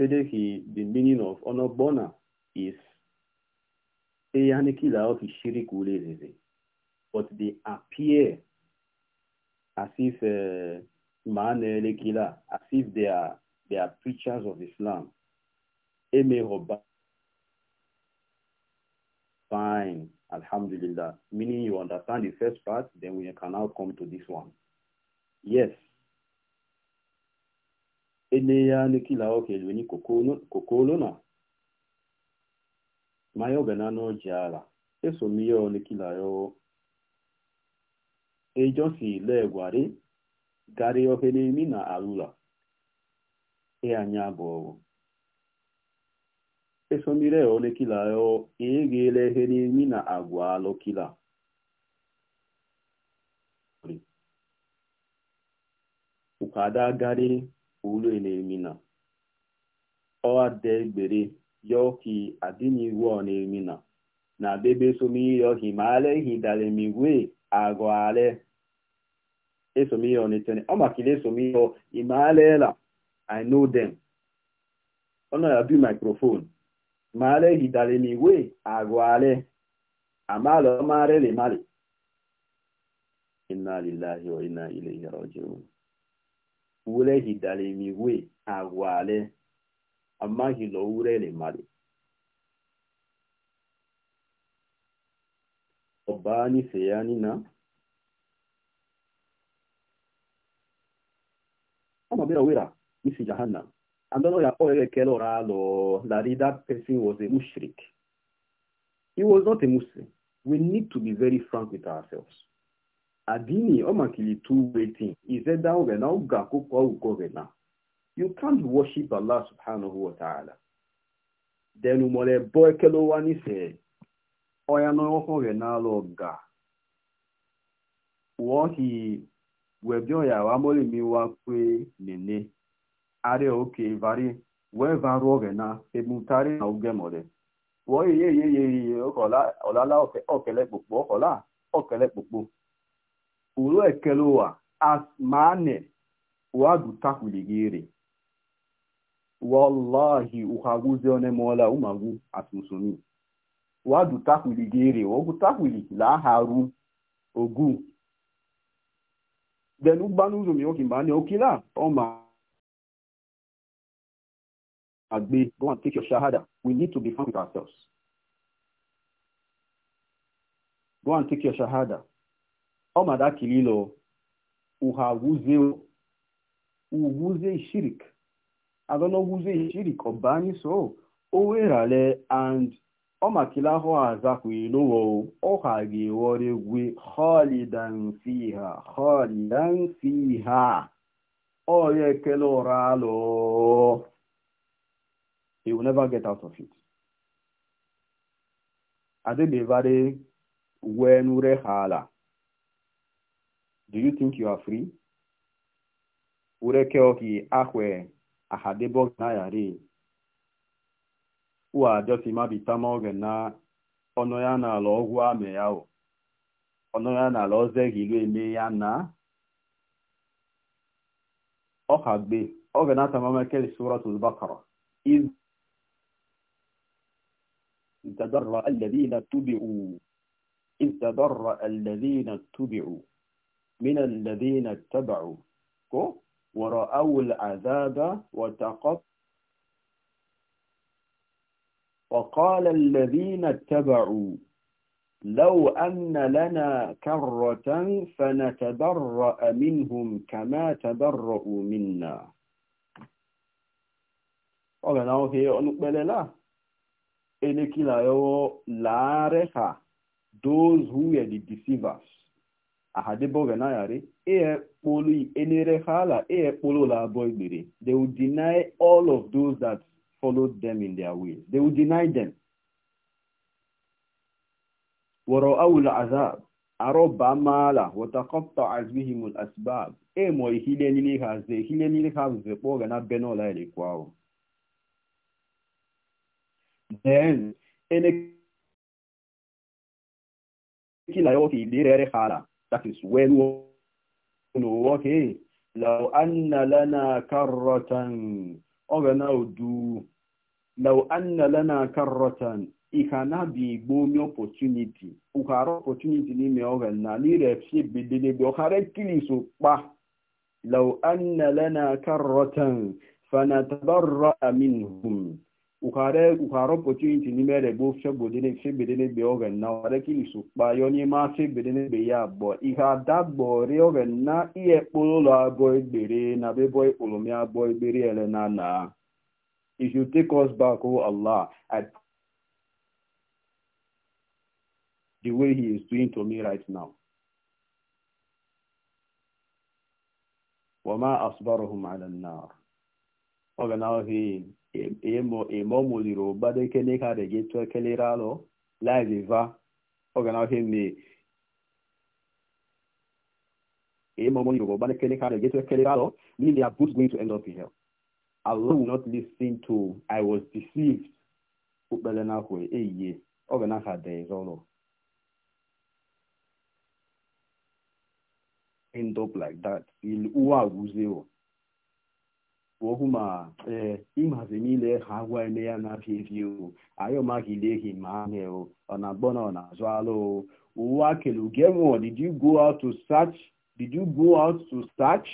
Sedehi, the meaning of bona" is but they appear as if uh, as if they are they are preachers of Islam. Fine. Alhamdulillah. Meaning you understand the first part, then we can now come to this one. Yes. mayo ganano jala eso miyo yo ejo si legwari gari oke mi mina alula e anya bụ esomire ole kila yo egele ihe n'imi na agwa alụ kila ukada gari ulu n'imi na ọ adegbere yoki adiniwu ọ n'imi na na bebe esomire yo himale hidalemigwe agwale esomire onetene ọ makile esomire imalela i know them ọ nọ ya microphone male gitale mi we aguale amalo mare le male inna lillahi wa inna ilayhi raji'un ule gitale mi we aguale amaghị lọ ure le male ọba nífẹ̀ẹ́ ya nínà ọmọ bẹ́ẹ̀ wíra jahannam I'm not going to that person was a mushrik. He was not a Muslim. We need to be very frank with ourselves. Adini Omakili two waiting. He said that you can't worship Allah subhanahu wa ta'ala. Then umole boy kelo wani said, Oya no renalo ga. What he webyo ya wamole miwa kwe nene. are oke vari wee varụ oge na ebutari na oge mọre pụọ ihe ihe ọlala okele kpokpo ọkọla okele kpokpo uru ekele ụwa asmane ụwa dutakwuli gị ire umagu gị laharu ogu den ụgbanụ ụzọ okila ọma Agbe, go and take your shahada. We need to be frank with ourselves. Go and take your shahada. Ọmada kililo, uhawuzeo, uwuze shirik. Adono wuze shirik, obani so, owerale and ọmakila hụ azakwa ilowo ọha ga-ewere egwe holidan fiha holidan fiha ọya ekele ụra alụ he will never get out of it. Adelevare Wenure Hala. Do you think you are free? Ureke oki ahwe ahadebog na yari. Ua jọsi ma bitama oge na ọnụ ya n'ala ọgwụ ame ya o. Ọnụ ya n'ala ọzọ ilu eme ya na ọ ọha gbe oge na atamama kele suratul bakara. تضرأ الذين تبعوا إن تضرأ الذين تبعوا من الذين اتبعوا ورأوا العذاب وتقط وقال الذين اتبعوا لو أن لنا كرة فنتبرأ منهم كما تبرأوا منا ọ̀rẹ̀ náà fi ọ̀nùpẹ̀lẹ̀ elekila yo lareha those who were the deceivers ahadeboge na yari ekpolo e enerehala ekpolo la e e boigbere they will deny all of those that followed them in their ways they will deny them ورأوا العذاب أربع مالا وتقطعت بهم الأسباب إيه مو هيلين ليها زي هيلين ليها زي بوغنا بنولا لكواو Yes. Ene kila yote ilirere hala. That is well known. Okay. Law anna lana karratan. Oga now do. Law anna lana karratan. Ikana bi gbomi opportunity. Ukara opportunity ni me oga na ni refie bedele bi okare kili so pa. Law anna lana karratan fanatabarra minhum. ukare ukaro opportunity ni mere gbo fegbede ne fegbede ne be ogen na wale kili so pa yo ni ma fegbede ne be ya bo iha dagbo ri ogen na iye kpolo agbo egbere na be boy olomi agbo egbere ele na na if you take us back oh allah i the way he is doing to me right now وما أصبرهم على النار وقناه emomodiri e ụgbado ekele karị gị tụ ekelere alụ live ọganahe mee emom yoruba ụgbado ekele karị gị tụ ekelere alụ meaning they are both going to end up in hell Allah not listen to I was deceived ukpele na akwe eyiye ọganaha dez e ọlụ end up like that ilu uwa agwụzio wọhụ ma ee eh, ha agwa eme ya na-apịa efi ewu ileghi ma ahụ ọ na-agbọ ọ na-azụ alụ ụwa kele ugemwo did you go out to search did you go out to search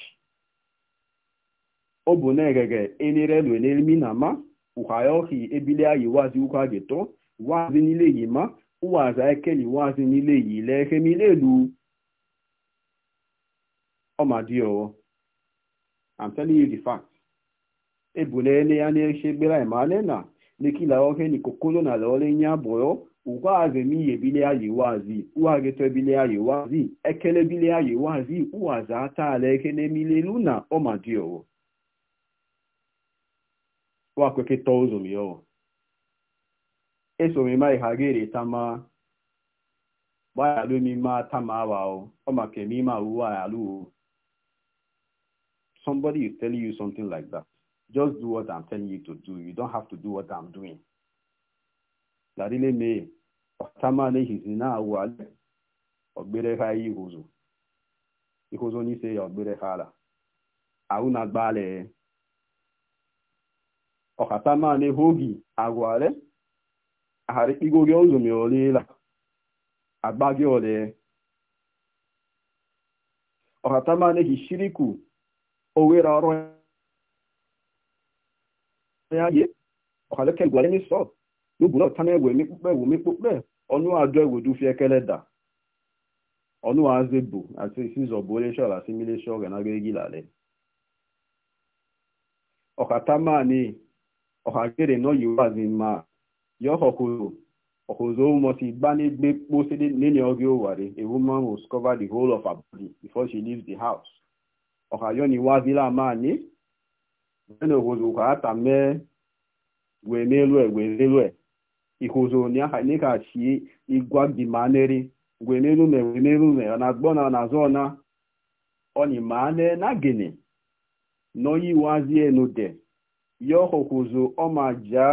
ọ bụ na-egege enerelu elu na ma ụhayohi ayi wazi wazi niile yi ma ụwazi ekeli wazi niile yi I'm telling you the fact. ebulele ya n'eshebera imale na nekila ohe ni na lole nyaboyo ukwaze miye bile ya yiwazi uhageto ebile ya yiwazi ekele bile ya yiwazi uwaza ata aleke n'emile luna omadiowo wakweke tozo esomima ihagere awao somebody is telling you something like that Just do what I'm telling you to do. You don't have to do what I'm doing. That really me, ọ̀támálé ìsìnà àwọ̀ alẹ́, ọ̀gbẹ́rẹ́ ha yí ìhòzò. Ìhòzò ní ṣe ọ̀gbẹ́rẹ́ ha rà. Àwọn àgbàlẹ̀ ọ̀hátámálé hógì àwọ̀ alẹ́, àhàrí igogi ọ̀zọ̀mí ọ̀lẹ́lá, àgbági ọ̀lẹ́. ọ̀hátámálé ìṣíríkù, owó ra ayé ọ̀kàlẹ́kẹ̀ ìgbàlẹ́ ní sọ́ọ̀ lóògùn náà tánà ẹ̀wẹ̀ mi púpẹ̀ wò mí púpẹ̀ ọnú àjọ ìwòdú fi ẹkẹlẹ̀ dà ọnú àzebò àti ìsìnzọ̀bù oléṣọ́ àti mílẹ́ṣọ́ rẹ̀ nágbégi lálẹ́ ọ̀kàtà máa ní ọ̀kàgẹ́rẹ̀ náà yóò wà ní máa yọ ọkọ̀kọ̀rọ̀ ọ̀kọ̀zọ́ mọ̀ sí gbánigbé pósí nínú ọgẹ́ òwàrẹ̀ a woman will discover the whole of her body before she leaves the house ọ̀kàyọ́ ni wázílà máa ní ena obodo kwa ata mee wee n'elu e, wee n'elu e. ihuzo ni aha ni ka chi igwa gimaneri wee n'elu me wee n'elu me na agbọ na na azụ ọna. na ma mane na gini no yi wazi enu de yo hokuzo oma ja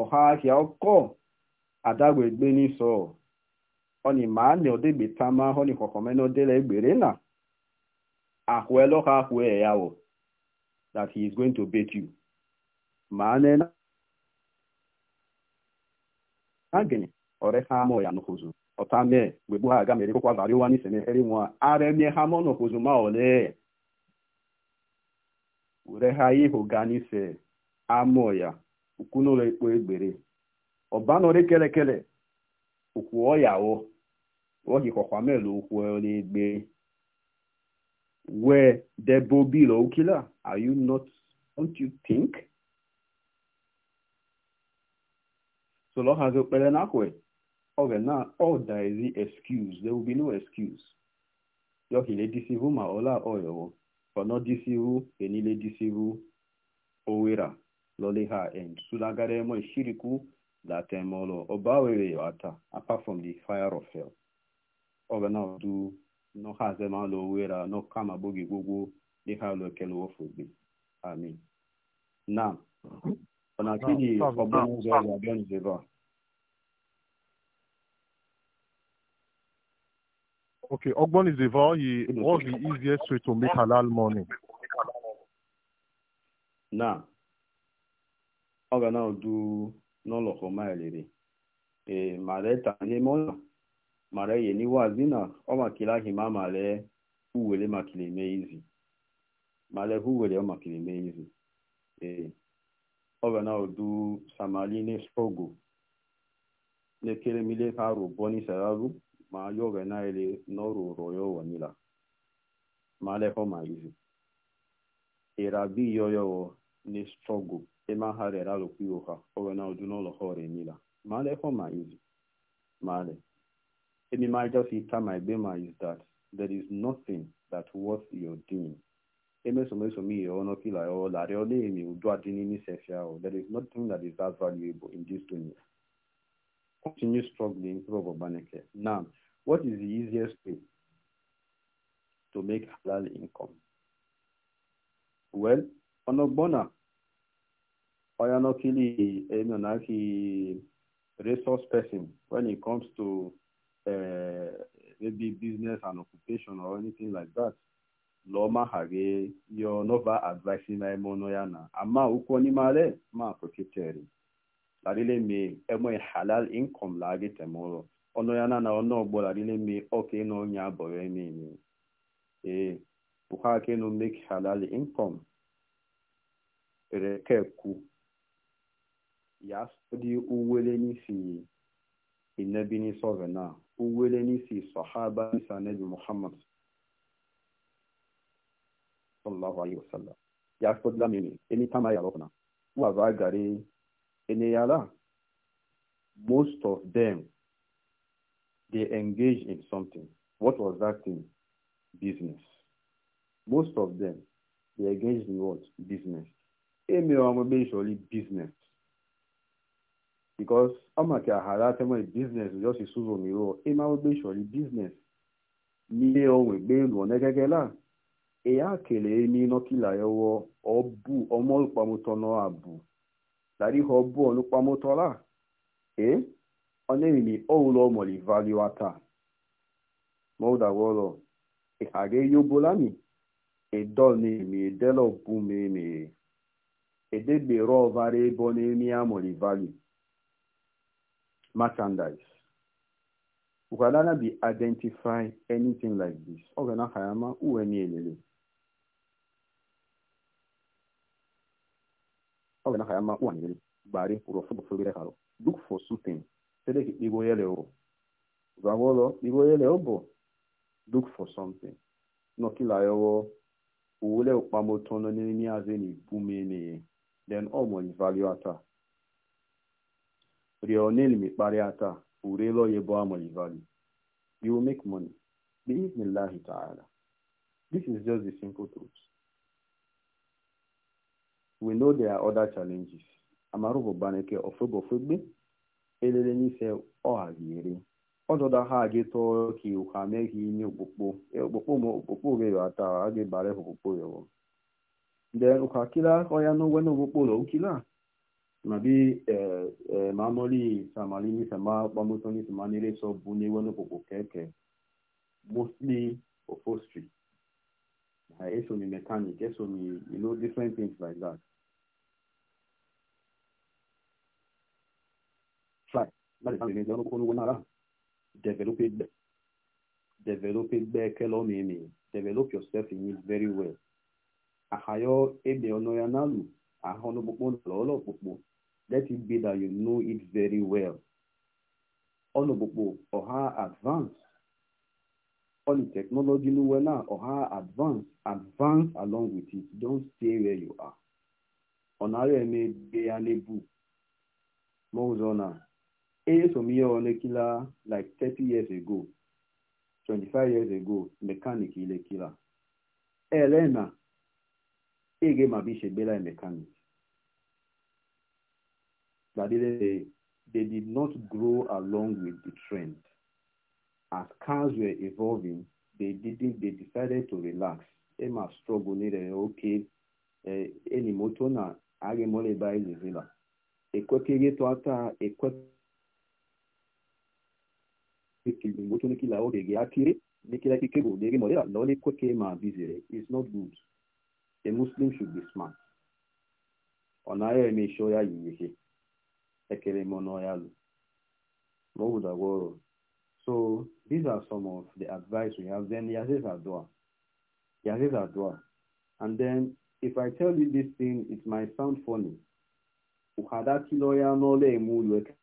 ọha ahịa ọkọ adagwe gbe ni so oni mane odegbe tama oni kokomeno dele egbere na ahwe lo ka ahwe ya o that he is going to beat you. Ma nena agini ore ha mo ya ọta Ota me webu ha aga mere kwa vari wani sene eri mwa are me ha mo nukuzu ma ole. Ure ha ihu gani se amo ya ukuno n'ụlọ ikpo egbere. Obano re kele kele ukwu oya ọ, Ohi kwa kwa melu ukwu ole egbe. where the Bobilo killer. Are you not, don't you think? So Lord has opened an aqua. Okay, oh, now, all oh, there is the excuse. There will be no excuse. Yo, he let deceive ma ola oyo. Oh, For not deceive, any let deceive, owera, loleha, and sulagaremo eh, shiriku, latemolo, eh, obawere ata, apart from the fire of hell. Okay, now, do no hazema lo wera no kama bogi gugu ni halo kelo ofubi amen na ona kini obonzo ya benziva Okay, Ogbon is Ivar. He was the easiest way to make halal money. Now, I'm gonna do no local mileage. Eh, my letter, any more? mara ye n'iwu azi na ọ makiri ahịma malee uwere makiri eme izi malee uwere ọ makiri eme izi ee ọ na odu samali n'esogo n'ekere mile ha rụbọ n'isararu ma yọwe na ere n'ọrụ ụrọ ya ụwa nila malee ọ ma izi erabi yọyọwọ n'esogo ema ha rere alụkwu ụha ọ bụ na odu n'ụlọ ha ọrụ enila malee ọ ma izi malee The major fita my bema is that there is nothing that worth your doing. Oh. There is nothing that is that valuable in this dunya. Continue struggling, Robo Baneke. Now, what is the easiest way to make halal income? Well, on a bona, I am not really a resource person when it comes to Uh, maybe business and occupation or anything like that lọma hage yo nova advice na emono ya na ama uko ni male ma protected larile me emo halal income lage temoro ono ya na na ono ogbo larile me okay no nya aboro eme eme eh uka ke no make halal income ere keku ya study uwele ni si inebini sovena uwele nisi sahaba isa nabi muhammad sallallahu alaihi wasallam ya kodla mini eni tama ya lokna wa va gari eni yala most of them they engage in something what was that thing business most of them they engage in what business emi ọmọ bẹ́ẹ̀ sọ̀rí business because ọmaka ghara atema biznes just isuzo miro ịmawebe shori biznes n'ihe onwe gbe lụọ n'ekekela eya kele emi nọkila yawo ọbụ ọmọlụkpamụtọ n'abụ dari ha ọbụ e ọnyeghị ni ọwụlọ ọmọli value ata eyobolami edol na ebe ọ na merchandise. We can rather be identify anything like this. Ogana Hayama Uenielele. Ogana Hayama Uenielele. Bari Urofobo Fulireharo. Look for something. Select Igoyeleo. Gavolo Igoyeleobo. Look for something. Nokilayo. Ule Upamotono Niazen Bumene. Then almost value at Rionel Mikpariata, Urelo Yeboa Molivali. You will make money. Bi'iznillahi ta'ala. This is just the simple truth. We know there are other challenges. Amarubo Baneke Ofebo Fugbe, Elele Nise Ohagiere. Ọdọdọ ha agịtọ ka iwu ha meghị inye okpukpo e, okpukpo ma okpukpo ogere ata agịbara okpukpo yowo. Then ukakila ọya n'ogwe n'okpukpo ụlọ ukila. mabi mamoli samalini sama pamotoni samanire so bune wono popo keke mostly upholstery uh, eso ni mechanic eso ni you know different things like that fly láti sáwọn ènìyàn lọ́kọ́ olówó náà develop it develop it back kẹlọ́ mi mi develop yourself in it very well àhàyọ́ ebè ọ̀nà ya náà lù àhọ́ ọ̀nà pòpò let it be that you know it very well. Honorable or how advanced. On technology no well now or how advanced. Advance along with it. Don't stay where you are. On RMA Beanebu. Mozona. Ace from here on killer like thirty years ago, twenty five years ago, mechanic ile killer. Elena, ege mabishe bela mechanic. that they, they did not grow along with the trend. As cars were evolving, they didn't, they decided to relax. They must struggle needed, okay, any motor na agị mole by the villa. Ekwekere to ata ekwekere motor nikila oge gị akiri, nikila kike bụ dịrị mọdịla na onye kwekere ma bizere is not good. A Muslim should be smart. Ọ naghị eme show ya yi ekele monoyalu mowuzagoro so these are some of the advice we have then yazis adua yazis adua and then if i tell you this thing it might sound funny uhadakiloya nole emulweka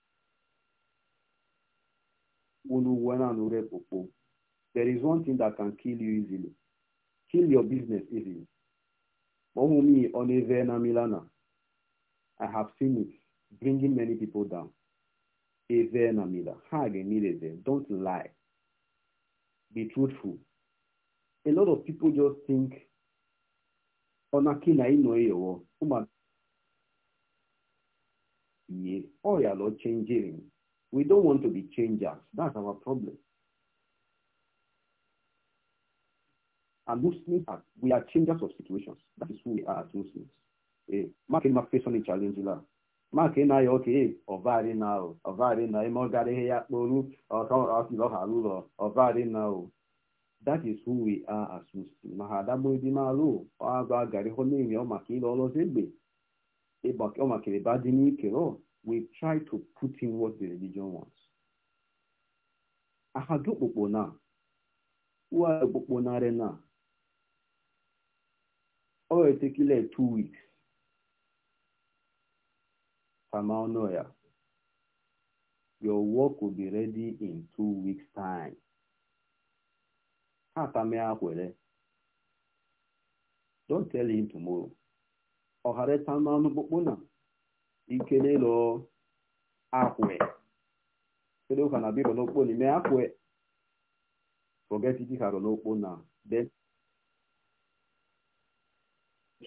there is one thing that can kill you easily kill your business easily i have seen it bringing many people down. Eze How Hag Eze. Don't lie. Be truthful. A lot of people just think Onaki na inoeyo. Uma Oh yeah, Lord changing. We don't want to be changers. That's our problem. And Muslims are we are changers of situations. That is who we are as Muslims. Eh, Mark and Mark Faison challenge maka ị na-aya oke ọvarị na ọvarị na ime ọ gara ihe ya kporu ọkilọghara ụlọ ọvarị na o that is who we are as muslims ma ha adagbodi malụ agba gara ihe na-enye ọmaka ile ọlọzi egbe ọmakịrị ba dị n'ike we try to put in what the religion wants ahadu okpokpo na ụwa okpokpo narị na o etekile two weeks Farmer ya your work will be ready in two weeks' time. Don't tell him tomorrow. Ọharịta tamanu mkpụkpụ na ike n'elu akwe. Kedu ka na biro n'okpo n'ime akwe? Forget it, ikaro n'okpo na then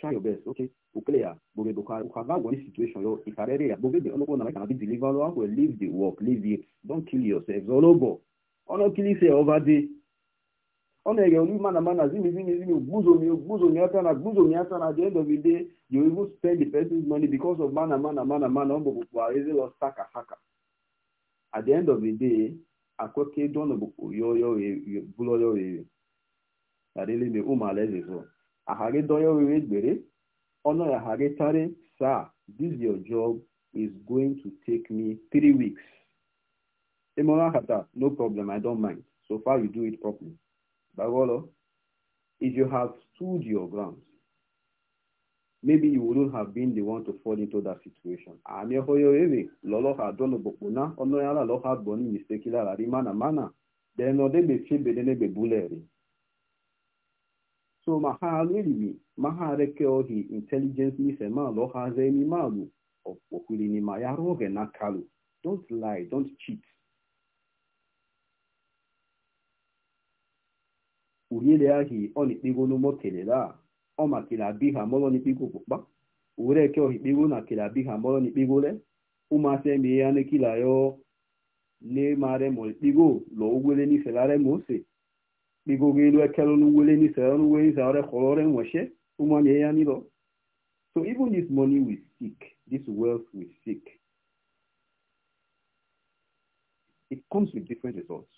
try your best. Okay, Ukleya, Bobe Boka, Ukava, what is situation? Yo, Ikarere, Bobe, the Oloko, Nana, cannot be delivered. Well, leave the work, leave it. Don't kill yourselves. Ologo, Ono kill se over the. Ono ege onu mana mana zimi zimi zimi guzo mi guzo mi ata na mi ata at the end of the day you even spend the person's money because of mana mana mana mana ombo buku areze lo saka saka. At the end of the day, akweke dono buku yo yo yo bulo yo yo. That really me umaleze so ahare doyorere gbere honor ahare tare sir this your job is going to take me three weeks emola hata no problem i don't mind so far you do it properly bagolo if you have stood your ground maybe you wouldn't have been the one to fall into that situation. Àmì ọ̀hóyọ̀ èrè lọ́lọ́ha dọ́nàbọ̀pọ̀ náà ọ̀nà yàrá lọ́ha gbọ́ ní mistake lára rí mánàmáná. Bẹ́ẹ̀ náà débè ṣébè dénégbè búlẹ̀ rí. so ma ha alụriri ma ha areke ohi intelligence mise malụ hazi enimalụ okpokuri n'ima ya rụọ oge na kalu don't lie don't cheat uriele ahi ọ na-ekpego n'ụgbọ kelere a ọ ma kele abiha mọrọ n'ikpego kpụkpa owere eke ohi kpego na kele abiha mọrọ n'ikpego n'ikpegole ụmụasị eme ya ọ na lemare ma ikpego lọ ugwere n'ifelare ma ose gbígbógi ló ẹkẹ lónú wọlé ní sẹrẹ ló wọlé sẹrẹ kọlọ rẹ wọnṣẹ ó mọ ní ẹyà nílọ so even this money we seek this wealth we seek it comes with different results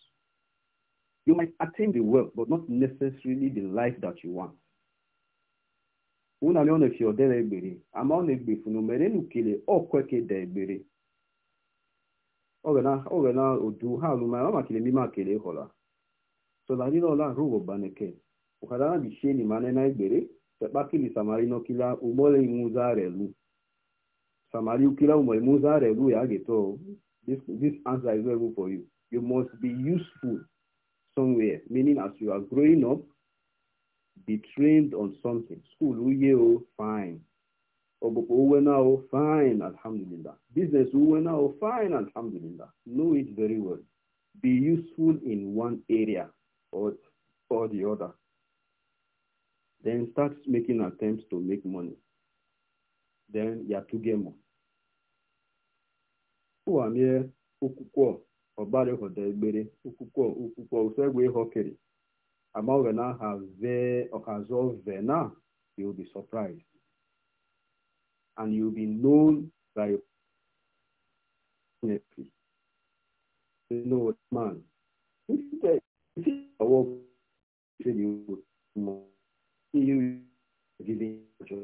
you might attain the wealth but not necessarily the life that you want una ne ọna fi ọdẹ na egbere ama ọ na-egbe funu mere nu kele ọkweke da egbere ọ ga na odu ha alụmanya ọ makele mime akele hụla solarino la rugo baneke ukadana bisheni manena egbere tepakili samarino kila umole imuzarelu samari ukila umole imuzarelu yageto this, this answer is available for you you must be useful somewhere meaning as you are growing up be trained on something school uye o fine ọbụkwa uwe na o fine alhamdulillah business uwe na o fine alhamdulillah know it very well be useful in one area or or the other. Then start making attempts to make money. Then yatugemo. Ụwamie ụkwụkwọ ọbara ịghọta egbere ụkwụkwọ ụkwụkwọ usegwu ịhọkiri amaghị na haze ọhazi na you'll be surprised and you'll be known by nephew. No know what man ọwọ́ ṣe ni o mọ̀ ní yóò gidi ọjọ́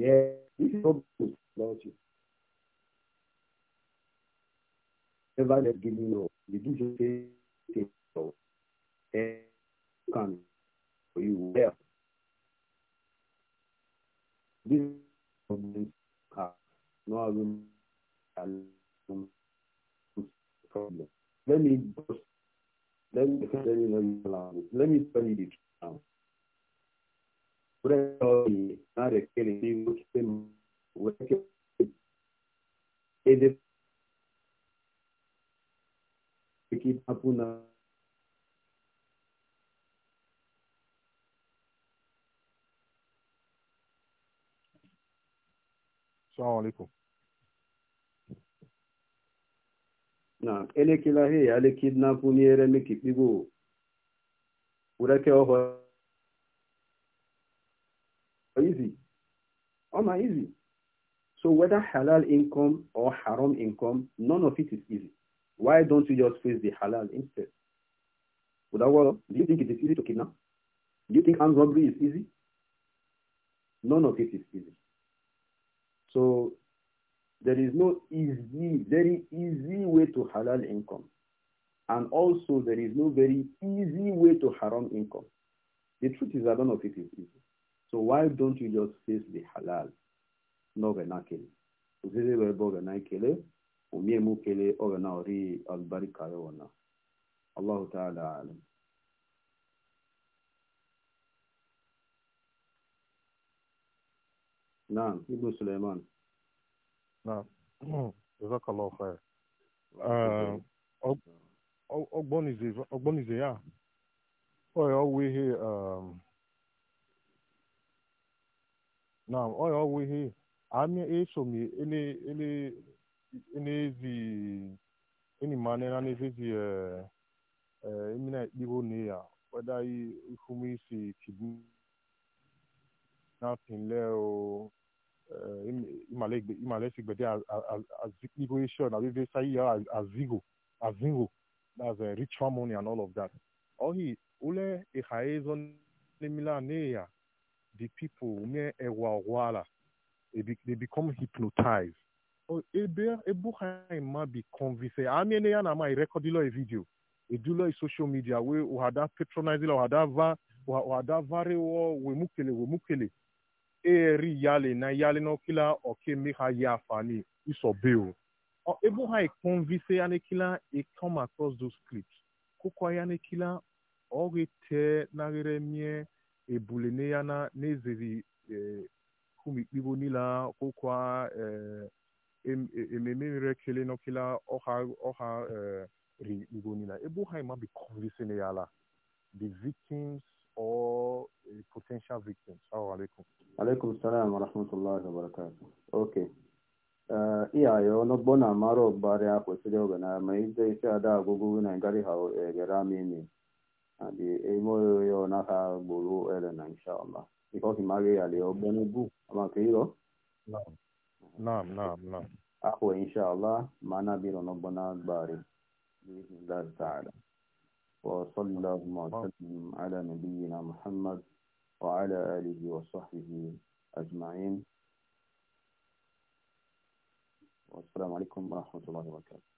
yẹ nífi tó bò lọ́wọ́ tí ẹ bá lẹ gidi lọ gidi ṣe ṣe ṣe lọ kàn òye wò ẹ. This problem can not alone problem. Let me just Let me tell you, let me tell you, let me tell you the truth now. Whatever you are killing people, killing working. It is keep na elekela he ale kidnapu niere mekipigo ureke oho easy oh my easy so whether halal income or haram income none of it is easy why don't you just face the halal instead Udawolo, do you think it is easy to kidnap do you think armed robbery is easy none of it is easy so there is no easy, very easy to halal income. And also there is no very easy way to haram income. The truth is I don't know if it is easy. So why don't you just face the halal? No benakele. Uzeze webo benakele. Umie mukele ogena ori albarika yona. Allah Ta'ala alam. نعم ابن سليمان نعم جزاك الله خير Uh, Ogbonize, ya. Oya ihe um, na oya wihi ihe eso e m n'ezi eni mane na n'ezi emina eh, eh, ikpiwo ne ya whether ihumu isi kidney nothing o Eh, imale sigbede Igbo Nation, Avive Saiya, Azigo, Azingo, that's uh, rich money and all of that. Ohi, ule ehaezon nemila neya, the people, ume ewa wala, they become hypnotized. Oh, Ebe ebuha e ma be convinced. Ami neya na ma irekodilo e, e video. Edulo e social media, we uhada patronizing, uhada va, uhada varewo, we mukele, we mukele eri yale na yale no kila oke mi ha ya fani isobeo or able ha e convince ane kila e come across those clips kukwa ane kila oge te na gere mie ebule ne ya na nezeri e, kumi ikpibo nila kukwa ememe e, mere kele no kila oha oha ri ikpibo nila able ha ma be convince ne yala the victims or potential victims. Assalamu alaikum. alaikum salam wa rahmatullahi wa barakatuh okay eh, iyaye ọlọgbọ na a kwesịrị oge na isi ada agwụgwụ na ngari ha e, e, na ha gburu ere na ihe ọhị maghị ya maka ịrọ ma na biro na agbari وعلى آله وصحبه أجمعين والسلام عليكم ورحمة الله وبركاته